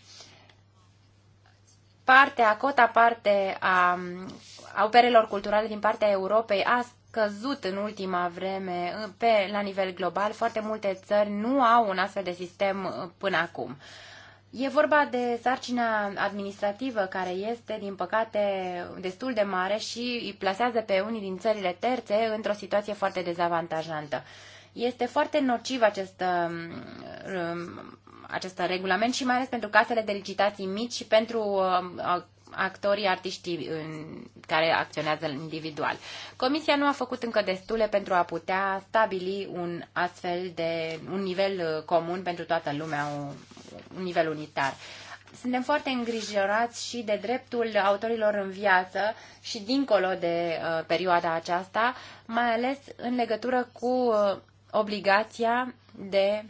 partea, cota parte a, a operelor culturale din partea Europei a scăzut în ultima vreme uh, pe, la nivel global. Foarte multe țări nu au un astfel de sistem uh, până acum. E vorba de sarcina administrativă care este, din păcate, destul de mare și îi plasează pe unii din țările terțe într-o situație foarte dezavantajantă. Este foarte nociv acest, um, um, acest regulament și mai ales pentru casele de licitații mici și pentru um, actorii artiștii în, care acționează individual. Comisia nu a făcut încă destule pentru a putea stabili un astfel de un nivel uh, comun pentru toată lumea, un, nivel unitar. Suntem foarte îngrijorați și de dreptul autorilor în viață și dincolo de uh, perioada aceasta, mai ales în legătură cu uh, obligația de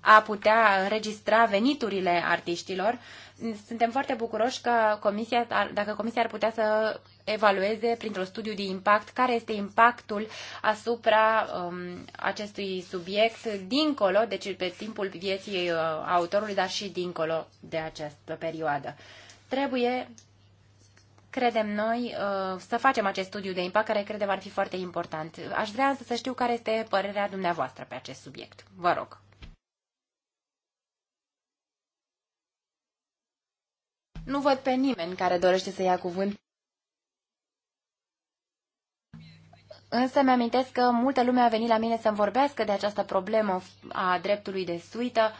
a putea înregistra veniturile artiștilor suntem foarte bucuroși că comisia, dacă comisia ar putea să evalueze printr-un studiu de impact care este impactul asupra um, acestui subiect dincolo, deci pe timpul vieții uh, autorului, dar și dincolo de această perioadă. Trebuie credem noi, uh, să facem acest studiu de impact, care credem ar fi foarte important. Aș vrea să știu care este părerea dumneavoastră pe acest subiect. Vă rog. Nu văd pe nimeni care dorește să ia cuvânt. Însă mi-amintesc că multă lume a venit la mine să-mi vorbească de această problemă a dreptului de suită,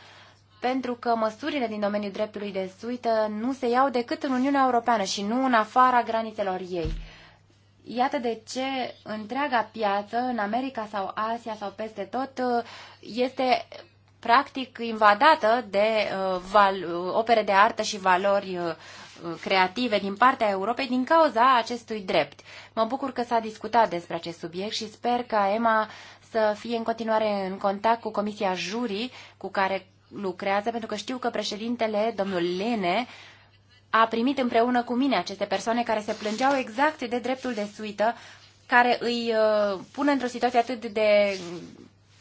pentru că măsurile din domeniul dreptului de suită nu se iau decât în Uniunea Europeană și nu în afara granițelor ei. Iată de ce întreaga piață, în America sau Asia sau peste tot, este practic invadată de uh, uh, opere de artă și valori uh, uh, creative din partea Europei din cauza acestui drept. Mă bucur că s-a discutat despre acest subiect și sper ca Emma să fie în continuare în contact cu Comisia Jurii cu care lucrează, pentru că știu că președintele, domnul Lene, a primit împreună cu mine aceste persoane care se plângeau exact de dreptul de suită, care îi uh, pune într-o situație atât de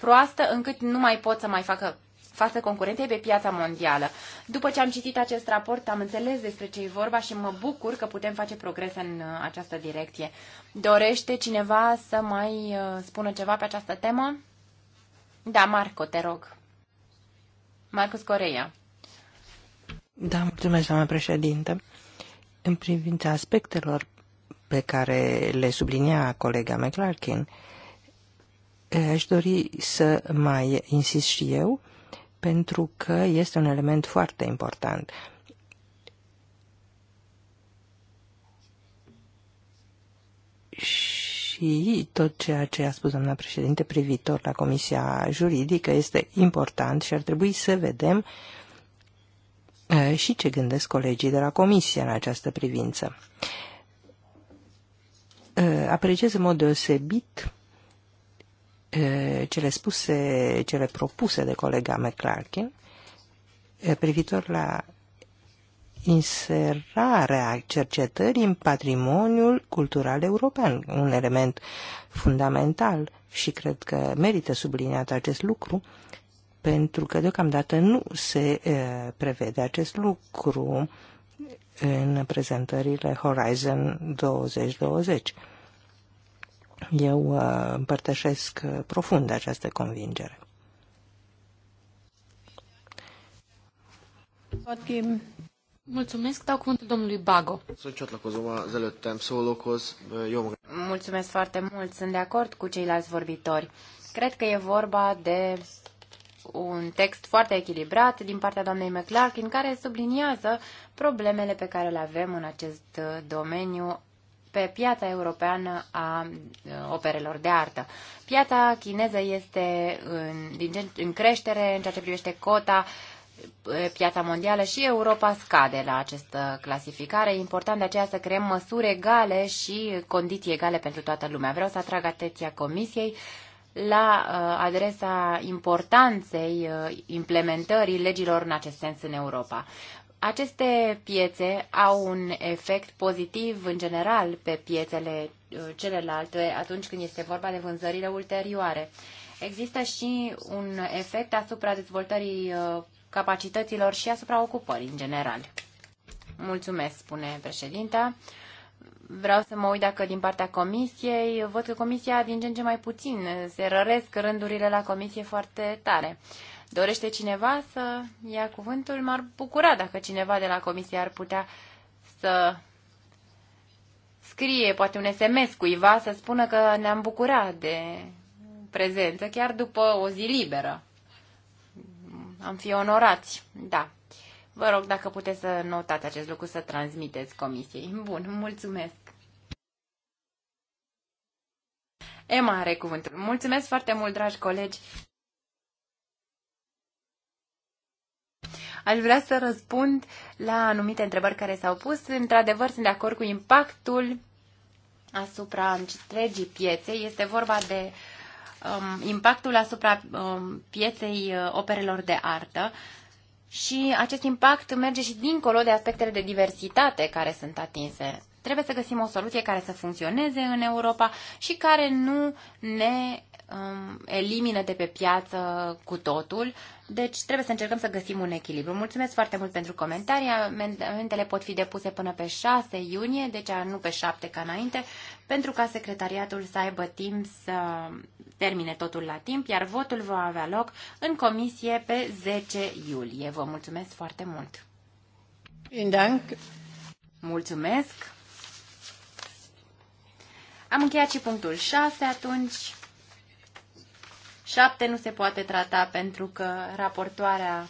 proastă încât nu mai pot să mai facă față concurenței pe piața mondială. După ce am citit acest raport, am înțeles despre ce e vorba și mă bucur că putem face progrese în uh, această direcție. Dorește cineva să mai uh, spună ceva pe această temă? Da, Marco, te rog. Marcus Coreia. Da, mulțumesc, doamna președintă. În privința aspectelor pe care le sublinia colega McClarkin, uh, Aș dori să mai insist și eu, pentru că este un element foarte important. Și tot ceea ce a spus doamna președinte privitor la Comisia Juridică este important și ar trebui să vedem și ce gândesc colegii de la Comisie în această privință. Apreciez în mod deosebit cele spuse, cele propuse de colega McClarkin privitor la inserarea cercetării în patrimoniul cultural european, un element fundamental și cred că merită subliniat acest lucru, pentru că deocamdată nu se prevede acest lucru în prezentările Horizon 2020. Eu uh, împărtășesc uh, profund această convingere. Mulțumesc, dau cuvântul domnului Bago. Sunt Mulțumesc foarte mult, sunt de acord cu ceilalți vorbitori. Cred că e vorba de un text foarte echilibrat din partea doamnei în care subliniază problemele pe care le avem în acest uh, domeniu pe piața europeană a uh, operelor de artă. Piața chineză este în, din, în creștere în ceea ce privește cota piața mondială și Europa scade la această clasificare. E important de aceea să creăm măsuri egale și condiții egale pentru toată lumea. Vreau să atrag atenția Comisiei la uh, adresa importanței uh, implementării legilor în acest sens în Europa. Aceste piețe au un efect pozitiv în general pe piețele uh, celelalte atunci când este vorba de vânzările ulterioare. Există și un efect asupra dezvoltării uh, capacităților și asupra ocupării în general. Mulțumesc, spune președinta. Vreau să mă uit dacă din partea comisiei, văd că comisia din ce în ce mai puțin, se răresc rândurile la comisie foarte tare. Dorește cineva să ia cuvântul? M-ar bucura dacă cineva de la comisie ar putea să scrie poate un SMS cuiva să spună că ne-am bucurat de prezență, chiar după o zi liberă. Am fi onorați, da. Vă rog dacă puteți să notați acest lucru, să transmiteți comisiei. Bun, mulțumesc. Emma are cuvântul. Mulțumesc foarte mult, dragi colegi. Aș vrea să răspund la anumite întrebări care s-au pus. Într-adevăr, sunt de acord cu impactul asupra întregii piețe. Este vorba de um, impactul asupra um, pieței uh, operelor de artă și acest impact merge și dincolo de aspectele de diversitate care sunt atinse. Trebuie să găsim o soluție care să funcționeze în Europa și care nu ne um, elimine de pe piață cu totul. Deci trebuie să încercăm să găsim un echilibru. Mulțumesc foarte mult pentru comentarii. Amendamentele pot fi depuse până pe 6 iunie, deci nu pe 7 ca înainte, pentru ca secretariatul să aibă timp să termine totul la timp, iar votul va avea loc în comisie pe 10 iulie. Vă mulțumesc foarte mult! Mulțumesc! Am încheiat și punctul 6 atunci. 7 nu se poate trata pentru că raportoarea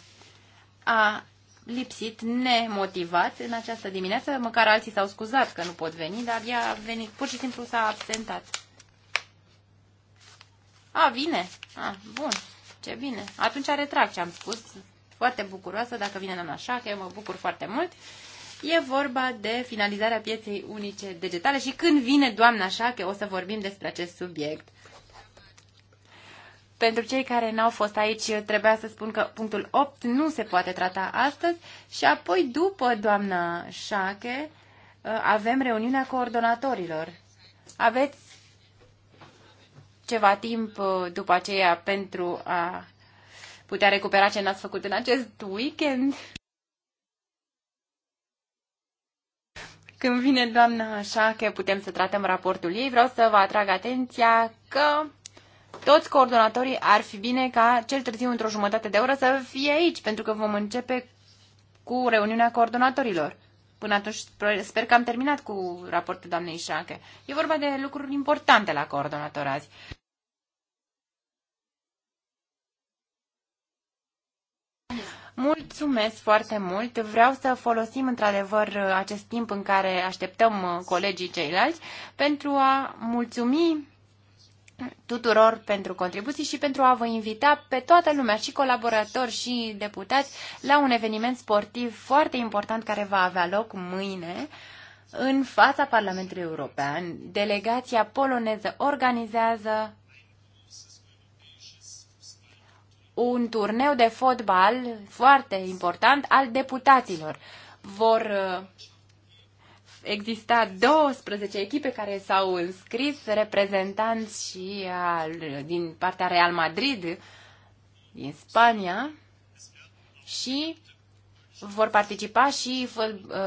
a lipsit, nemotivat în această dimineață. Măcar alții s-au scuzat că nu pot veni, dar ea a venit, pur și simplu s-a absentat. A, vine? A, bun, ce bine. Atunci retrag ce am spus. Foarte bucuroasă dacă vine doamna că eu mă bucur foarte mult. E vorba de finalizarea pieței unice digitale și când vine doamna că o să vorbim despre acest subiect. Pentru cei care n-au fost aici, trebuia să spun că punctul 8 nu se poate trata astăzi și apoi, după doamna Șache, uh, avem reuniunea coordonatorilor. Aveți ceva timp uh, după aceea pentru a putea recupera ce n-ați făcut în acest weekend. Când vine doamna Șache, putem să tratăm raportul ei, vreau să vă atrag atenția că toți coordonatorii ar fi bine ca cel târziu într-o jumătate de oră să fie aici, pentru că vom începe cu reuniunea coordonatorilor. Până atunci sper că am terminat cu raportul doamnei Șache. E vorba de lucruri importante la coordonator azi. Mulțumesc foarte mult. Vreau să folosim într-adevăr acest timp în care așteptăm uh, colegii ceilalți pentru a mulțumi tuturor pentru contribuții și pentru a vă invita pe toată lumea, și colaboratori și deputați, la un eveniment sportiv foarte important care va avea loc mâine în fața Parlamentului European. Delegația poloneză organizează un turneu de fotbal foarte important al deputaților. Vor uh, exista 12 echipe care s-au înscris, reprezentanți și al, din partea Real Madrid, din Spania, și vor participa și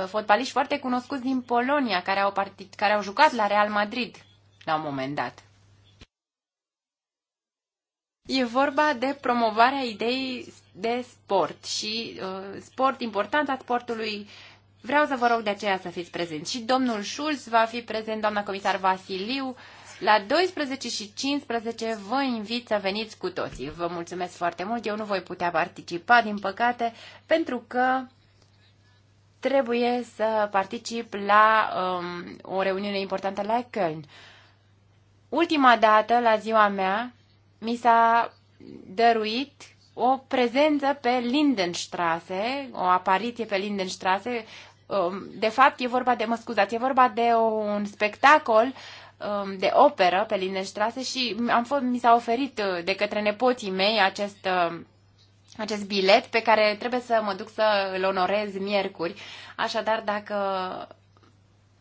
fotbaliști foarte cunoscuți din Polonia, care au, partic- care au jucat la Real Madrid la un moment dat. E vorba de promovarea ideii de sport și uh, sport, importanța sportului Vreau să vă rog de aceea să fiți prezenți. Și domnul Schulz va fi prezent, doamna comisar Vasiliu. La 12 și 15 vă invit să veniți cu toții. Vă mulțumesc foarte mult. Eu nu voi putea participa, din păcate, pentru că trebuie să particip la um, o reuniune importantă la Köln. Ultima dată, la ziua mea, mi s-a dăruit o prezență pe Lindenstrasse, o apariție pe Lindenstrasse, Um, de fapt, e vorba de, mă scuzați, e vorba de un spectacol um, de operă pe Lindenstrasse și am fost, mi s-a oferit uh, de către nepoții mei acest, uh, acest bilet pe care trebuie să mă duc să îl onorez miercuri. Așadar, dacă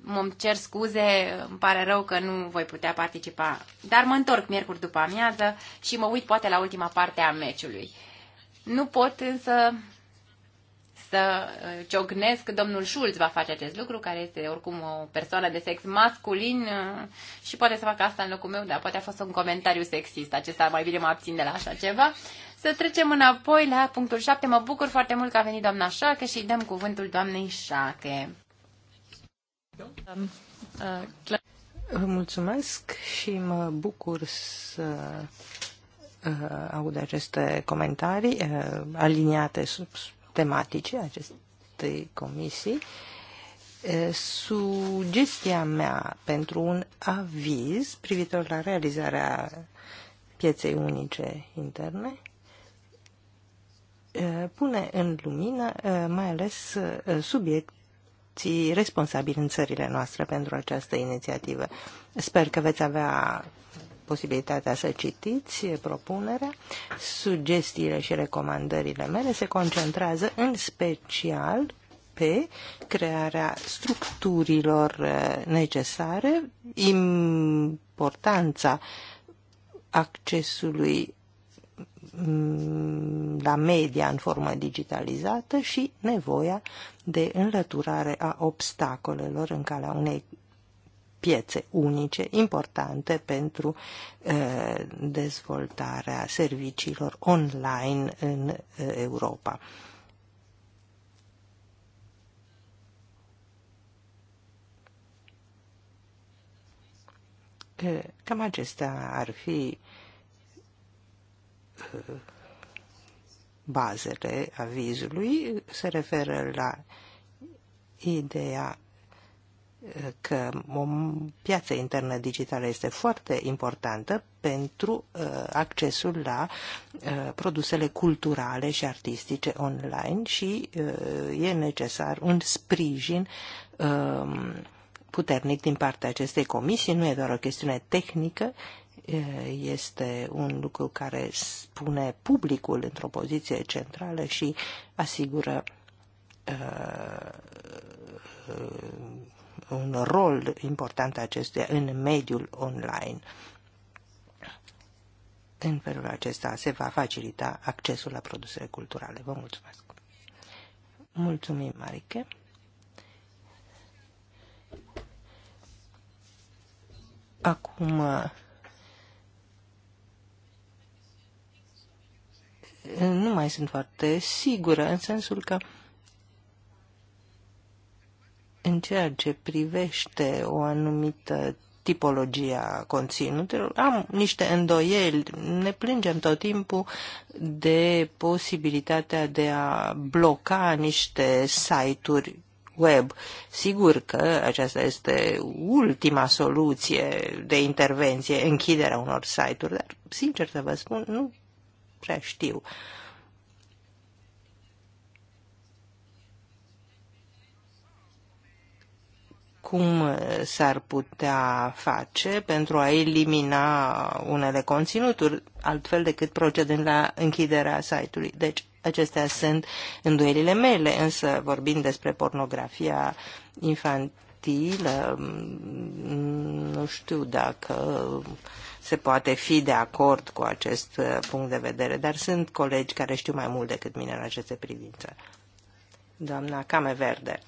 mă cer scuze, îmi pare rău că nu voi putea participa. Dar mă întorc miercuri după amiază și mă uit poate la ultima parte a meciului. Nu pot însă să uh, ciognesc Domnul Schulz va face acest lucru, care este oricum o persoană de sex masculin uh, și poate să facă asta în locul meu, dar poate a fost un comentariu sexist. Acesta mai bine mă abțin de la așa ceva. Să trecem înapoi la punctul 7. Mă bucur foarte mult că a venit doamna Șache și dăm cuvântul doamnei Șache. Um, uh, Vă mulțumesc și mă bucur să aud aceste comentarii aliniate sub tematice acestei comisii, sugestia mea pentru un aviz privitor la realizarea pieței unice interne pune în lumină mai ales subiecții responsabili în țările noastre pentru această inițiativă. Sper că veți avea posibilitatea să citiți propunerea. Sugestiile și recomandările mele se concentrează în special pe crearea structurilor uh, necesare, importanța accesului mm, la media în formă digitalizată și nevoia de înlăturare a obstacolelor în calea unei piețe unice importante pentru eh, dezvoltarea serviciilor online în eh, Europa. Eh, cam acestea ar fi bazele avizului. Se referă la ideea că o piață internă digitală este foarte importantă pentru uh, accesul la uh, produsele culturale și artistice online și uh, e necesar un sprijin um, puternic din partea acestei comisii. Nu e doar o chestiune tehnică, este un lucru care spune publicul într-o poziție centrală și asigură un rol important acestea în mediul online. În felul acesta se va facilita accesul la produsele culturale. Vă mulțumesc! Mulțumim, Marike! Acum nu mai sunt foarte sigură, în sensul că în ceea ce privește o anumită tipologia conținutelor. Am niște îndoieli, ne plângem tot timpul de posibilitatea de a bloca niște site-uri web. Sigur că aceasta este ultima soluție de intervenție, închiderea unor site-uri, dar sincer să vă spun, nu prea știu. Uh, cum uh, s-ar putea face pentru a elimina unele conținuturi, altfel decât procedând la închiderea site-ului. Deci, acestea sunt îndoielile mele, însă vorbind despre pornografia infantilă, mm, nu știu dacă se poate fi de acord cu acest uh, punct de vedere, dar sunt colegi care știu mai mult decât mine în aceste privință. Doamna Came Verde.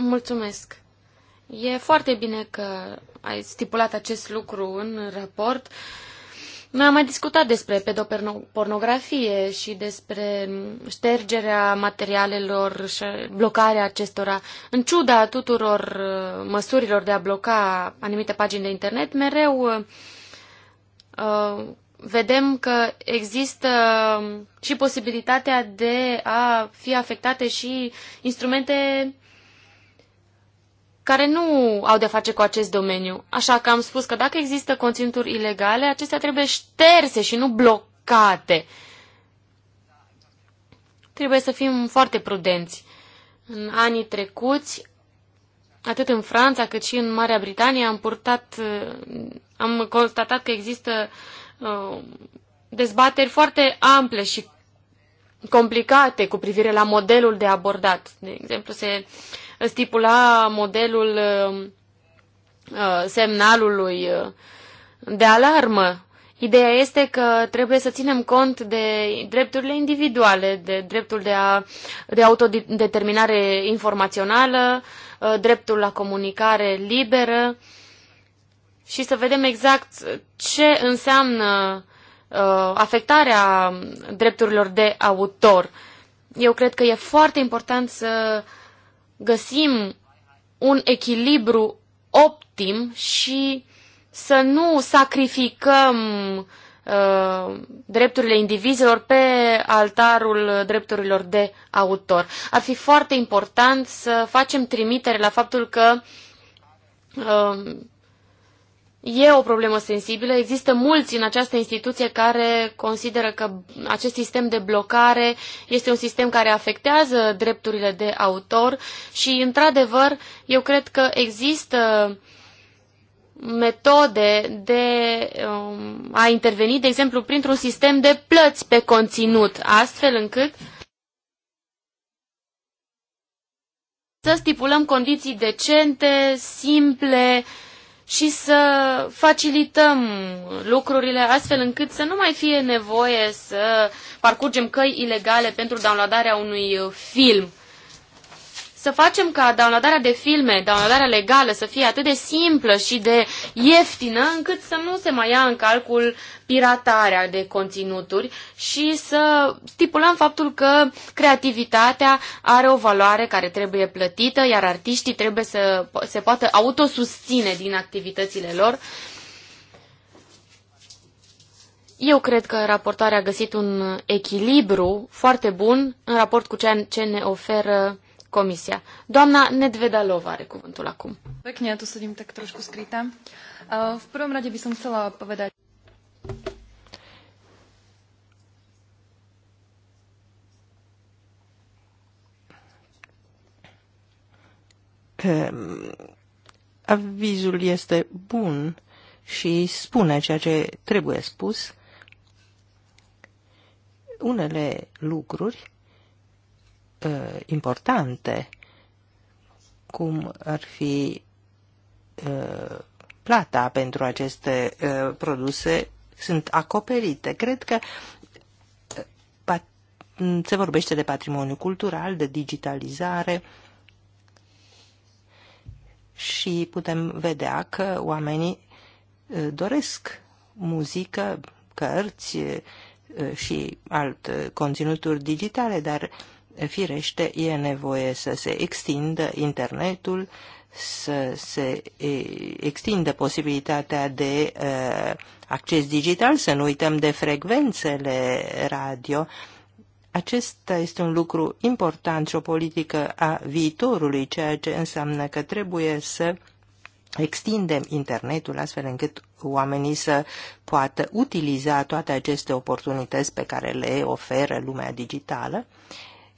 Mulțumesc. E foarte bine că ai stipulat acest lucru în raport. Noi am mai discutat despre pedopornografie și despre ștergerea materialelor și blocarea acestora. În ciuda tuturor uh, măsurilor de a bloca anumite pagini de internet, mereu uh, uh, vedem că există și posibilitatea de a fi afectate și instrumente care nu au de face cu acest domeniu. Așa că am spus că dacă există conținuturi ilegale, acestea trebuie șterse și nu blocate. Trebuie să fim foarte prudenți. În anii trecuți, atât în Franța cât și în Marea Britanie, am, purtat, am constatat că există uh, dezbateri foarte ample și complicate cu privire la modelul de abordat. De exemplu, se uh, stipula modelul uh, uh, semnalului uh, de alarmă. Ideea este că trebuie să ținem cont de drepturile individuale, de dreptul de, a, de autodeterminare informațională, dreptul la comunicare liberă și să vedem exact ce înseamnă afectarea drepturilor de autor. Eu cred că e foarte important să găsim un echilibru optim și să nu sacrificăm uh, drepturile indivizilor pe altarul drepturilor de autor. Ar fi foarte important să facem trimitere la faptul că uh, E o problemă sensibilă. Există mulți în această instituție care consideră că acest sistem de blocare este un sistem care afectează drepturile de autor și, într-adevăr, eu cred că există metode de um, a interveni, de exemplu, printr-un sistem de plăți pe conținut, astfel încât să stipulăm condiții decente, simple, uh, și să facilităm lucrurile astfel încât să nu mai fie nevoie să parcurgem căi ilegale pentru downloadarea unui film să facem ca downloadarea de filme, downloadarea legală să fie atât de simplă și de ieftină încât să nu se mai ia în calcul piratarea de conținuturi și să stipulăm faptul că creativitatea are o valoare care trebuie plătită, iar artiștii trebuie să se poată autosusține din activitățile lor. Eu cred că raportarea a găsit un echilibru foarte bun în raport cu ceea ce ne oferă Comisia. Doamna Nedvedalova are cuvântul acum. Pekne, tu sedím tak trošku skrytá. V prvom rade by som chcela povedať... Ehm, avizul este bun și spune ceea ce trebuie spus. Unele lucruri uh, importante, cum ar fi uh, plata pentru aceste uh, produse, sunt acoperite. Cred că uh, se vorbește de patrimoniu cultural, de digitalizare și putem vedea că oamenii uh, doresc muzică, cărți uh, și alt conținuturi digitale, dar Firește, e nevoie să se extindă internetul, să se extindă posibilitatea de uh, acces digital, să nu uităm de frecvențele radio. Acesta este un lucru important și o politică a viitorului, ceea ce înseamnă că trebuie să extindem internetul astfel încât oamenii să poată utiliza toate aceste oportunități pe care le oferă lumea digitală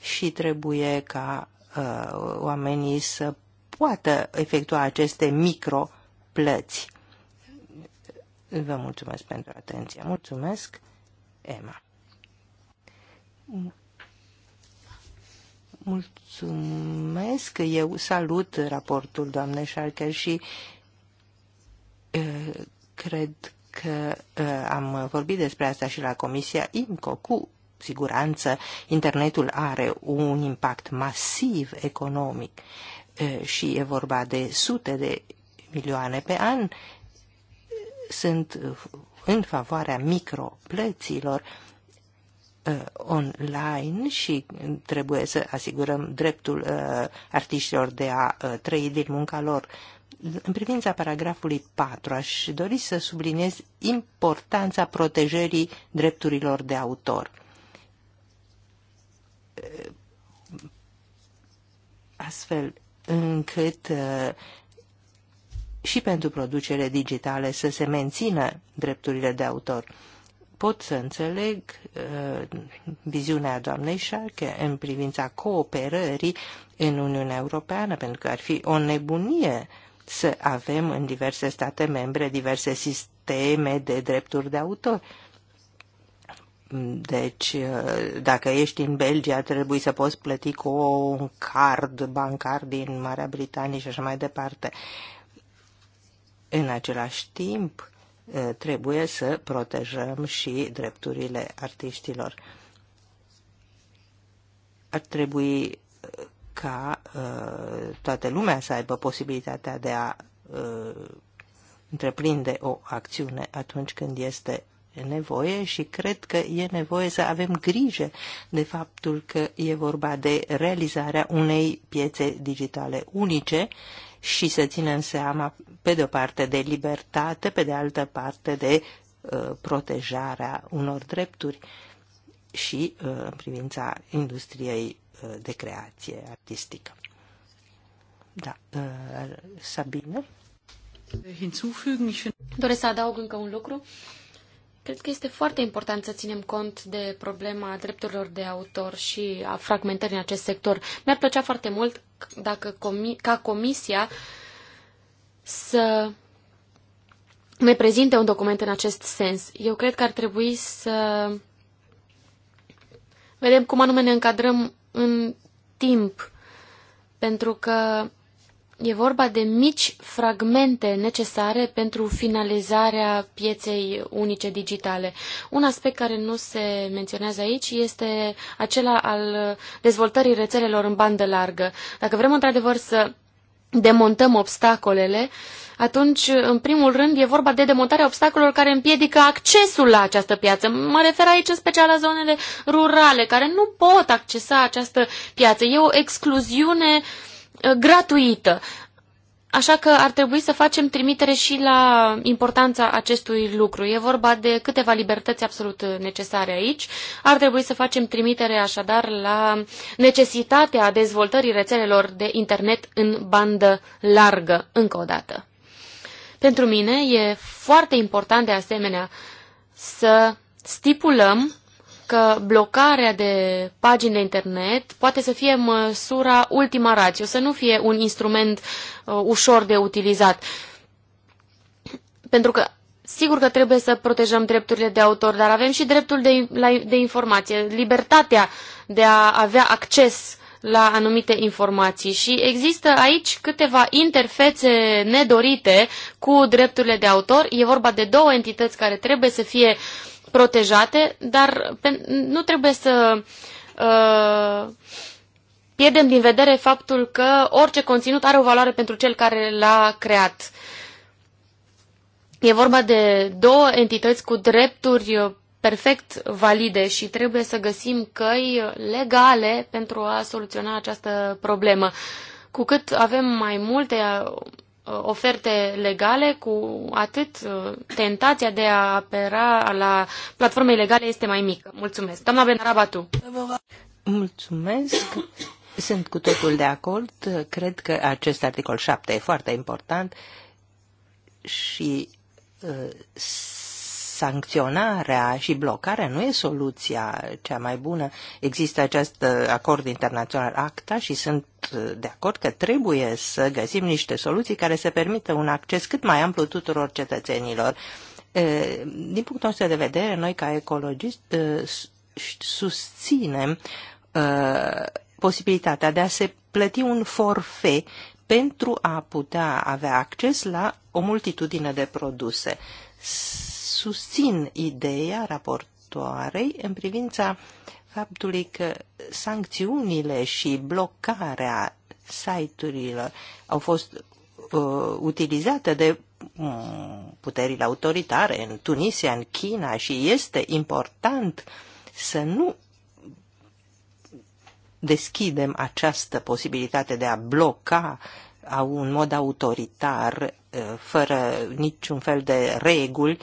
și trebuie ca uh, oamenii să poată efectua aceste microplăți. Vă mulțumesc pentru atenție. Mulțumesc, Emma. Mulțumesc. Eu salut raportul doamnei Șarcher și uh, cred că uh, am vorbit despre asta și la Comisia IMCO cu siguranță internetul are un impact masiv economic și e vorba de sute de milioane pe an, sunt în favoarea microplăților online și trebuie să asigurăm dreptul artiștilor de a trăi din munca lor. În privința paragrafului 4, aș dori să subliniez importanța protejării drepturilor de autor astfel încât uh, și pentru producere digitale să se mențină drepturile de autor. Pot să înțeleg uh, viziunea doamnei Șarche în privința cooperării în Uniunea Europeană, pentru că ar fi o nebunie să avem în diverse state membre diverse sisteme de drepturi de autor. Uh, deci, uh, dacă ești în Belgia, trebuie să poți plăti cu un card bancar din Marea Britanie și așa mai departe. În același timp, uh, trebuie să protejăm și drepturile artiștilor. Ar trebui uh, ca toată lumea să aibă posibilitatea de a întreprinde o acțiune atunci când este E nevoie și cred că e nevoie să avem grijă de faptul că e vorba de realizarea unei piețe digitale unice și să ținem seama, pe de o parte, de libertate, pe de altă parte, de uh, protejarea unor drepturi și uh, în privința industriei uh, de creație artistică. Da, uh, Sabine? Doresc să adaug încă un lucru. Cred că este foarte important să ținem cont de problema drepturilor de autor și a fragmentării în acest sector. Mi-ar plăcea foarte mult dacă comi ca comisia să ne prezinte un document în acest sens. Eu cred că ar trebui să vedem cum anume ne încadrăm în timp, pentru că E vorba de mici fragmente necesare pentru finalizarea pieței unice digitale. Un aspect care nu se menționează aici este acela al dezvoltării rețelelor în bandă largă. Dacă vrem într-adevăr să demontăm obstacolele, atunci, în primul rând, e vorba de demontarea obstacolelor care împiedică accesul la această piață. Mă refer aici în special la zonele rurale, care nu pot accesa această piață. E o excluziune uh, Uh, gratuită. Așa că ar trebui să facem trimitere și la importanța acestui lucru. E vorba de câteva libertăți absolut necesare aici. Ar trebui să facem trimitere așadar la necesitatea dezvoltării rețelelor de internet în bandă largă, încă o dată. Pentru mine e foarte important de asemenea să stipulăm că blocarea de pagini de internet poate să fie măsura ultima rațiu, să nu fie un instrument uh, ușor de utilizat. Pentru că Sigur că trebuie să protejăm drepturile de autor, dar avem și dreptul de, la, de informație, libertatea de a avea acces la anumite informații și există aici câteva interfețe nedorite cu drepturile de autor. E vorba de două entități care trebuie să fie protejate, dar nu trebuie să uh, pierdem din vedere faptul că orice conținut are o valoare pentru cel care l-a creat. E vorba de două entități cu drepturi perfect valide și trebuie să găsim căi legale pentru a soluționa această problemă. Cu cât avem mai multe Uh, oferte legale, cu atât uh, tentația de a apera la platforme ilegale este mai mică. Mulțumesc. Doamna Benarabatu. Mulțumesc. Sunt cu totul de acord. Cred că acest articol 7 e foarte important și uh, sancționarea și blocarea nu e soluția cea mai bună. Există acest uh, acord internațional ACTA și sunt uh, de acord că trebuie să găsim niște soluții care să permită un acces cât mai amplu tuturor cetățenilor. Uh, din punctul nostru de vedere, noi ca ecologist susținem posibilitatea de a se plăti un forfet pentru a putea avea acces la o multitudine de produse susțin ideea raportoarei în privința faptului că sancțiunile și blocarea site-urilor au fost uh, utilizate de um, puterile autoritare în Tunisia, în China și este important să nu deschidem această posibilitate de a bloca un mod autoritar, uh, fără niciun fel de reguli,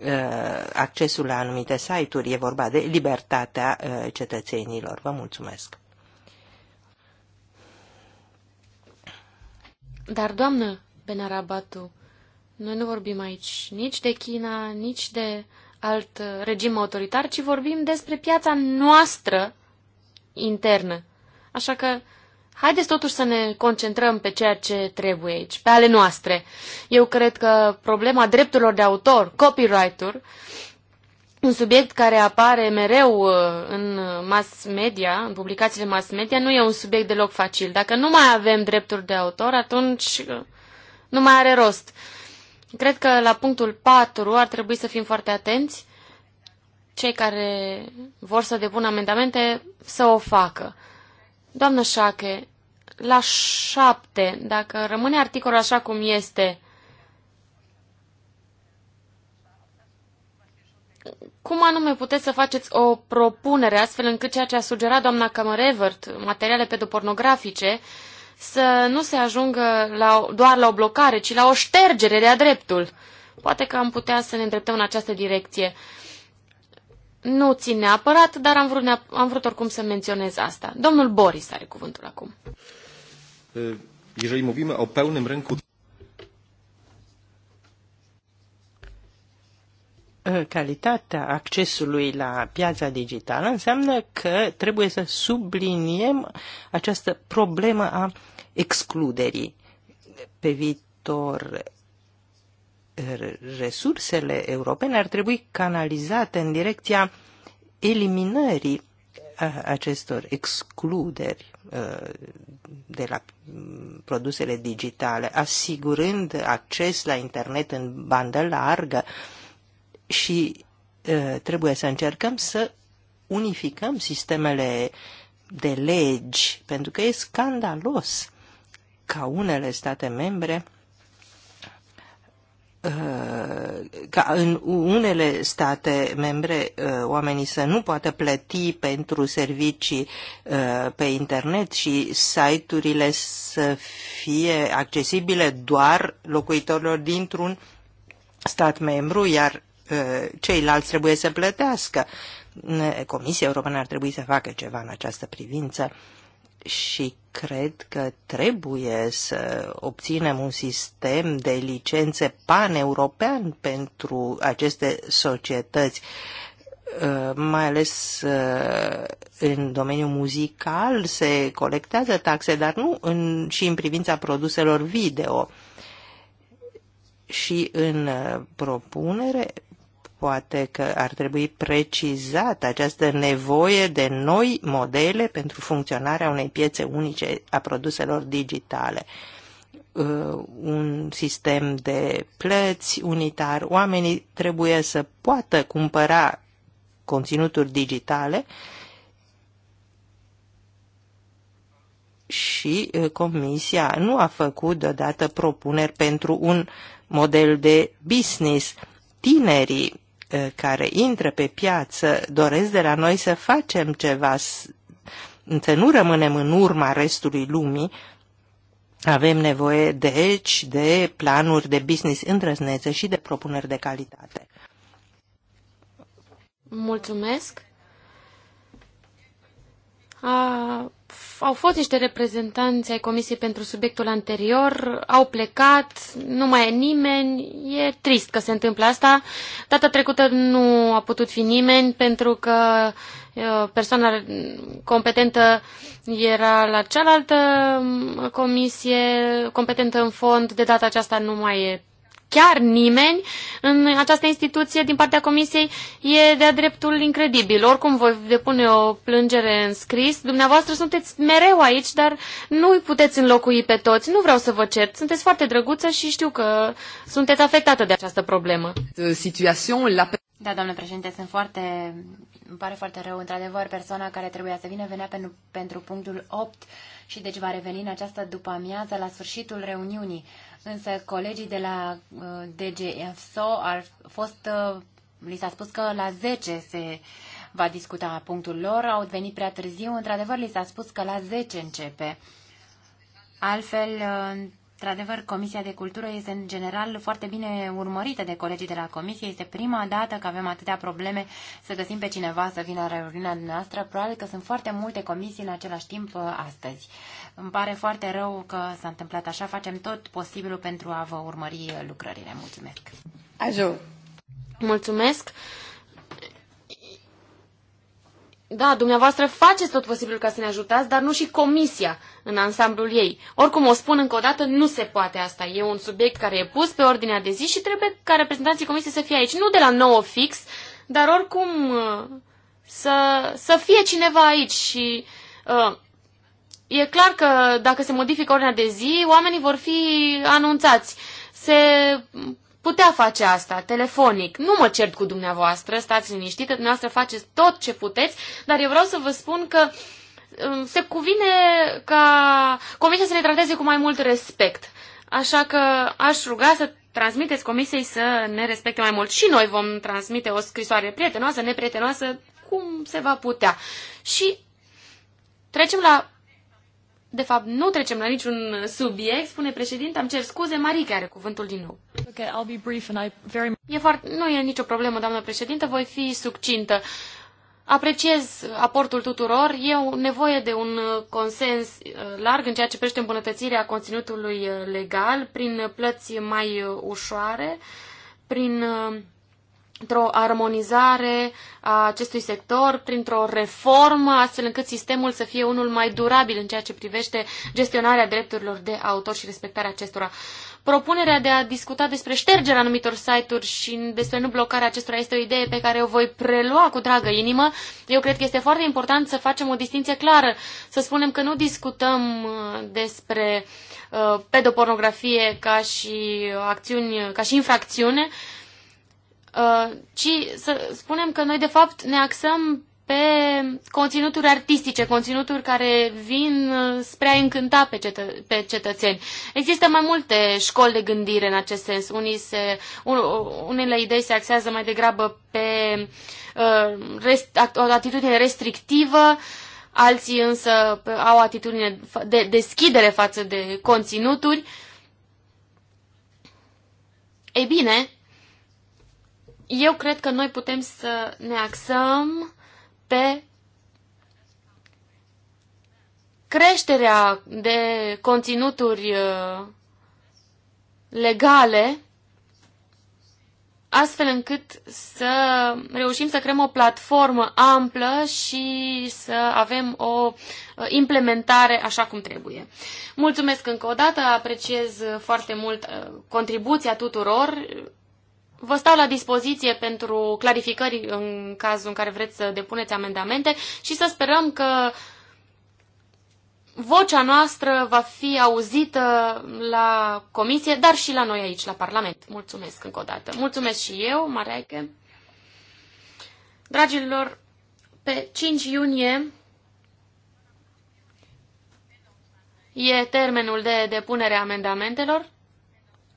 Uh, accesul la anumite site-uri, e vorba de libertatea uh, cetățenilor. Vă mulțumesc! Dar, doamnă Benarabatu, noi nu vorbim aici nici de China, nici de alt uh, regim autoritar, ci vorbim despre piața noastră internă. Așa că Haideți totuși să ne concentrăm pe ceea ce trebuie aici, pe ale noastre. Eu cred că problema drepturilor de autor, copyright-uri, un subiect care apare mereu uh, în mass media, în publicațiile mass media, nu e un subiect deloc facil. Dacă nu mai avem drepturi de autor, atunci uh, nu mai are rost. Cred că la punctul 4 ar trebui să fim foarte atenți. Cei care vor să depună amendamente să o facă. Doamnă Șache, la șapte, dacă rămâne articolul așa cum este, cum anume puteți să faceți o propunere astfel încât ceea ce a sugerat doamna Camerevert, materiale pedopornografice, să nu se ajungă la, doar la o blocare, ci la o ștergere de-a dreptul? Poate că am putea să ne îndreptăm în această direcție nu țin neapărat, dar am vrut, am vrut oricum să menționez asta. Domnul Boris are cuvântul acum. Jeżeli mówimy o pełnym rynku... Calitatea accesului la piața digitală înseamnă că trebuie să subliniem această problemă a excluderii. Pe viitor resursele europene ar trebui canalizate în direcția eliminării acestor excluderi de la produsele digitale, asigurând acces la internet în bandă largă și trebuie să încercăm să unificăm sistemele de legi, pentru că e scandalos ca unele state membre Uh, ca în unele state membre uh, oamenii să nu poată plăti pentru servicii uh, pe internet și site-urile să fie accesibile doar locuitorilor dintr-un stat membru, iar ceilalți trebuie să plătească. Comisia Europeană ar trebui să facă ceva în această privință și cred că trebuie să obținem un sistem de licențe paneuropean pentru aceste societăți, uh, mai ales uh, în domeniul muzical se colectează taxe, dar nu în, și în privința produselor video. Și în uh, propunere Poate că ar trebui precizat această nevoie de noi modele pentru funcționarea unei piețe unice a produselor digitale. Uh, un sistem de plăți unitar. Oamenii trebuie să poată cumpăra conținuturi digitale și uh, Comisia nu a făcut deodată propuneri pentru un model de business. Tinerii Eh, care intră pe piață doresc de la noi să facem ceva, să nu rămânem în urma restului lumii, avem nevoie, deci, de planuri de business îndrăznețe și de propuneri de calitate. Mulțumesc! A au fost niște reprezentanți ai Comisiei pentru subiectul anterior, au plecat, nu mai e nimeni, e trist că se întâmplă asta. Data trecută nu a putut fi nimeni pentru că persoana competentă era la cealaltă mm, comisie, competentă în fond, de data aceasta nu mai e chiar nimeni în această instituție din partea comisiei e de-a dreptul incredibil. Oricum voi depune o plângere în scris. Dumneavoastră sunteți mereu aici, dar nu îi puteți înlocui pe toți. Nu vreau să vă cert. Sunteți foarte drăguță și știu că sunteți afectată de această problemă. Da, doamnă președinte, sunt foarte îmi pare foarte rău, într-adevăr, persoana care trebuia să vină venea pen, pentru punctul 8 și deci va reveni în această după-amiază la sfârșitul reuniunii. Însă colegii de la uh, DGFSO ar fost, uh, li s-a spus că la 10 se va discuta punctul lor, au venit prea târziu, într-adevăr li s-a spus că la 10 începe. Altfel, uh, Într-adevăr, Comisia de Cultură este în general foarte bine urmărită de colegii de la Comisie. Este prima dată că avem atâtea probleme să găsim pe cineva să vină la reuniunea noastră. Probabil că sunt foarte multe comisii în același timp uh, astăzi. Îmi pare foarte rău că s-a întâmplat așa. Facem tot posibilul pentru a vă urmări uh, lucrările. Mulțumesc! Aju. Mulțumesc! Da, dumneavoastră faceți tot posibilul ca să ne ajutați, dar nu și comisia în ansamblul ei. Oricum o spun încă o dată, nu se poate asta. E un subiect care e pus pe ordinea de zi și trebuie ca reprezentanții comisiei să fie aici. Nu de la nouă fix, dar oricum uh, să, să fie cineva aici și uh, e clar că dacă se modifică ordinea de zi, oamenii vor fi anunțați. Se putea face asta, telefonic. Nu mă cert cu dumneavoastră, stați liniștită, dumneavoastră faceți tot ce puteți, dar eu vreau să vă spun că um, se cuvine ca comisia să ne trateze cu mai mult respect. Așa că aș ruga să transmiteți comisiei să ne respecte mai mult. Și noi vom transmite o scrisoare prietenoasă, neprietenoasă, cum se va putea. Și trecem la de fapt, nu trecem la niciun subiect, spune președinte, am cer scuze, Marica are cuvântul din nou. Okay, I'll be brief and I very... e foarte... Nu e nicio problemă, doamnă președinte, voi fi succintă. Apreciez aportul tuturor, e o nevoie de un consens uh, larg în ceea ce privește îmbunătățirea conținutului uh, legal prin plăți mai uh, ușoare, prin într-o armonizare a acestui sector, printr-o reformă, astfel încât sistemul să fie unul mai durabil în ceea ce privește gestionarea drepturilor de autor și respectarea acestora. Propunerea de a discuta despre ștergerea anumitor site-uri și despre nu blocarea acestora este o idee pe care o voi prelua cu dragă inimă. Eu cred că este foarte important să facem o distinție clară, să spunem că nu discutăm uh, despre uh, pedopornografie ca și uh, acțiuni, ca și infracțiune, uh, Uh, ci să spunem că noi de fapt ne axăm pe conținuturi artistice, conținuturi care vin uh, spre a încânta pe, cetă- pe cetățeni. Există mai multe școli de gândire în acest sens. Unii se, unele idei se axează mai degrabă pe uh, rest, o atitudine restrictivă, alții însă au atitudine de deschidere față de conținuturi. Ei bine, eu cred că noi putem să ne axăm pe creșterea de conținuturi uh, legale, astfel încât să reușim să creăm o platformă amplă și să avem o uh, implementare așa cum trebuie. Mulțumesc încă o dată, apreciez foarte mult uh, contribuția tuturor Vă stau la dispoziție pentru clarificări în cazul în care vreți să depuneți amendamente și să sperăm că vocea noastră va fi auzită la comisie, dar și la noi aici, la Parlament. Mulțumesc încă o dată. Mulțumesc și eu, Mareike. Dragilor, pe 5 iunie e termenul de depunere a amendamentelor,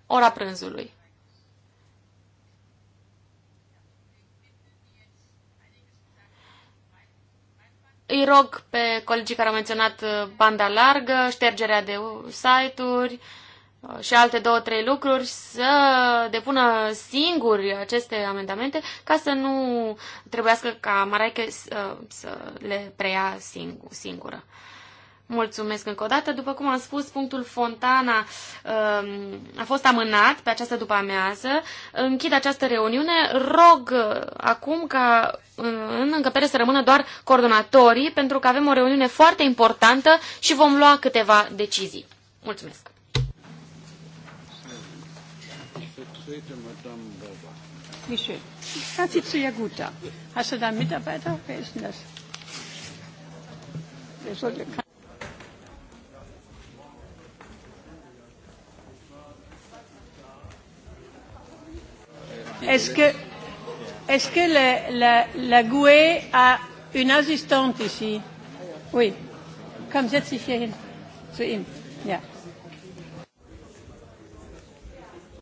ora prânzului. Îi rog pe colegii care au menționat uh, banda largă, ștergerea de site-uri uh, și alte două, trei lucruri să depună singuri aceste amendamente ca să nu trebuiască ca Maraiche să, uh, să le preia singur, singură. Mulțumesc încă o dată. După cum am spus, punctul Fontana um, a fost amânat pe această după-amiază. Închid această reuniune. Rog acum ca Uh, în încăpere să rămână doar coordonatorii, pentru că avem o reuniune foarte importantă și vom lua câteva decizii. Mulțumesc! Wie schön. Da sitzt du ja gut da. Hast du da einen Mitarbeiter? Wer ist denn das? Der sollte Est-ce que Est-ce que le, la, la GUE a une assistante ici Oui. Comme certifié. C'est him. Yeah.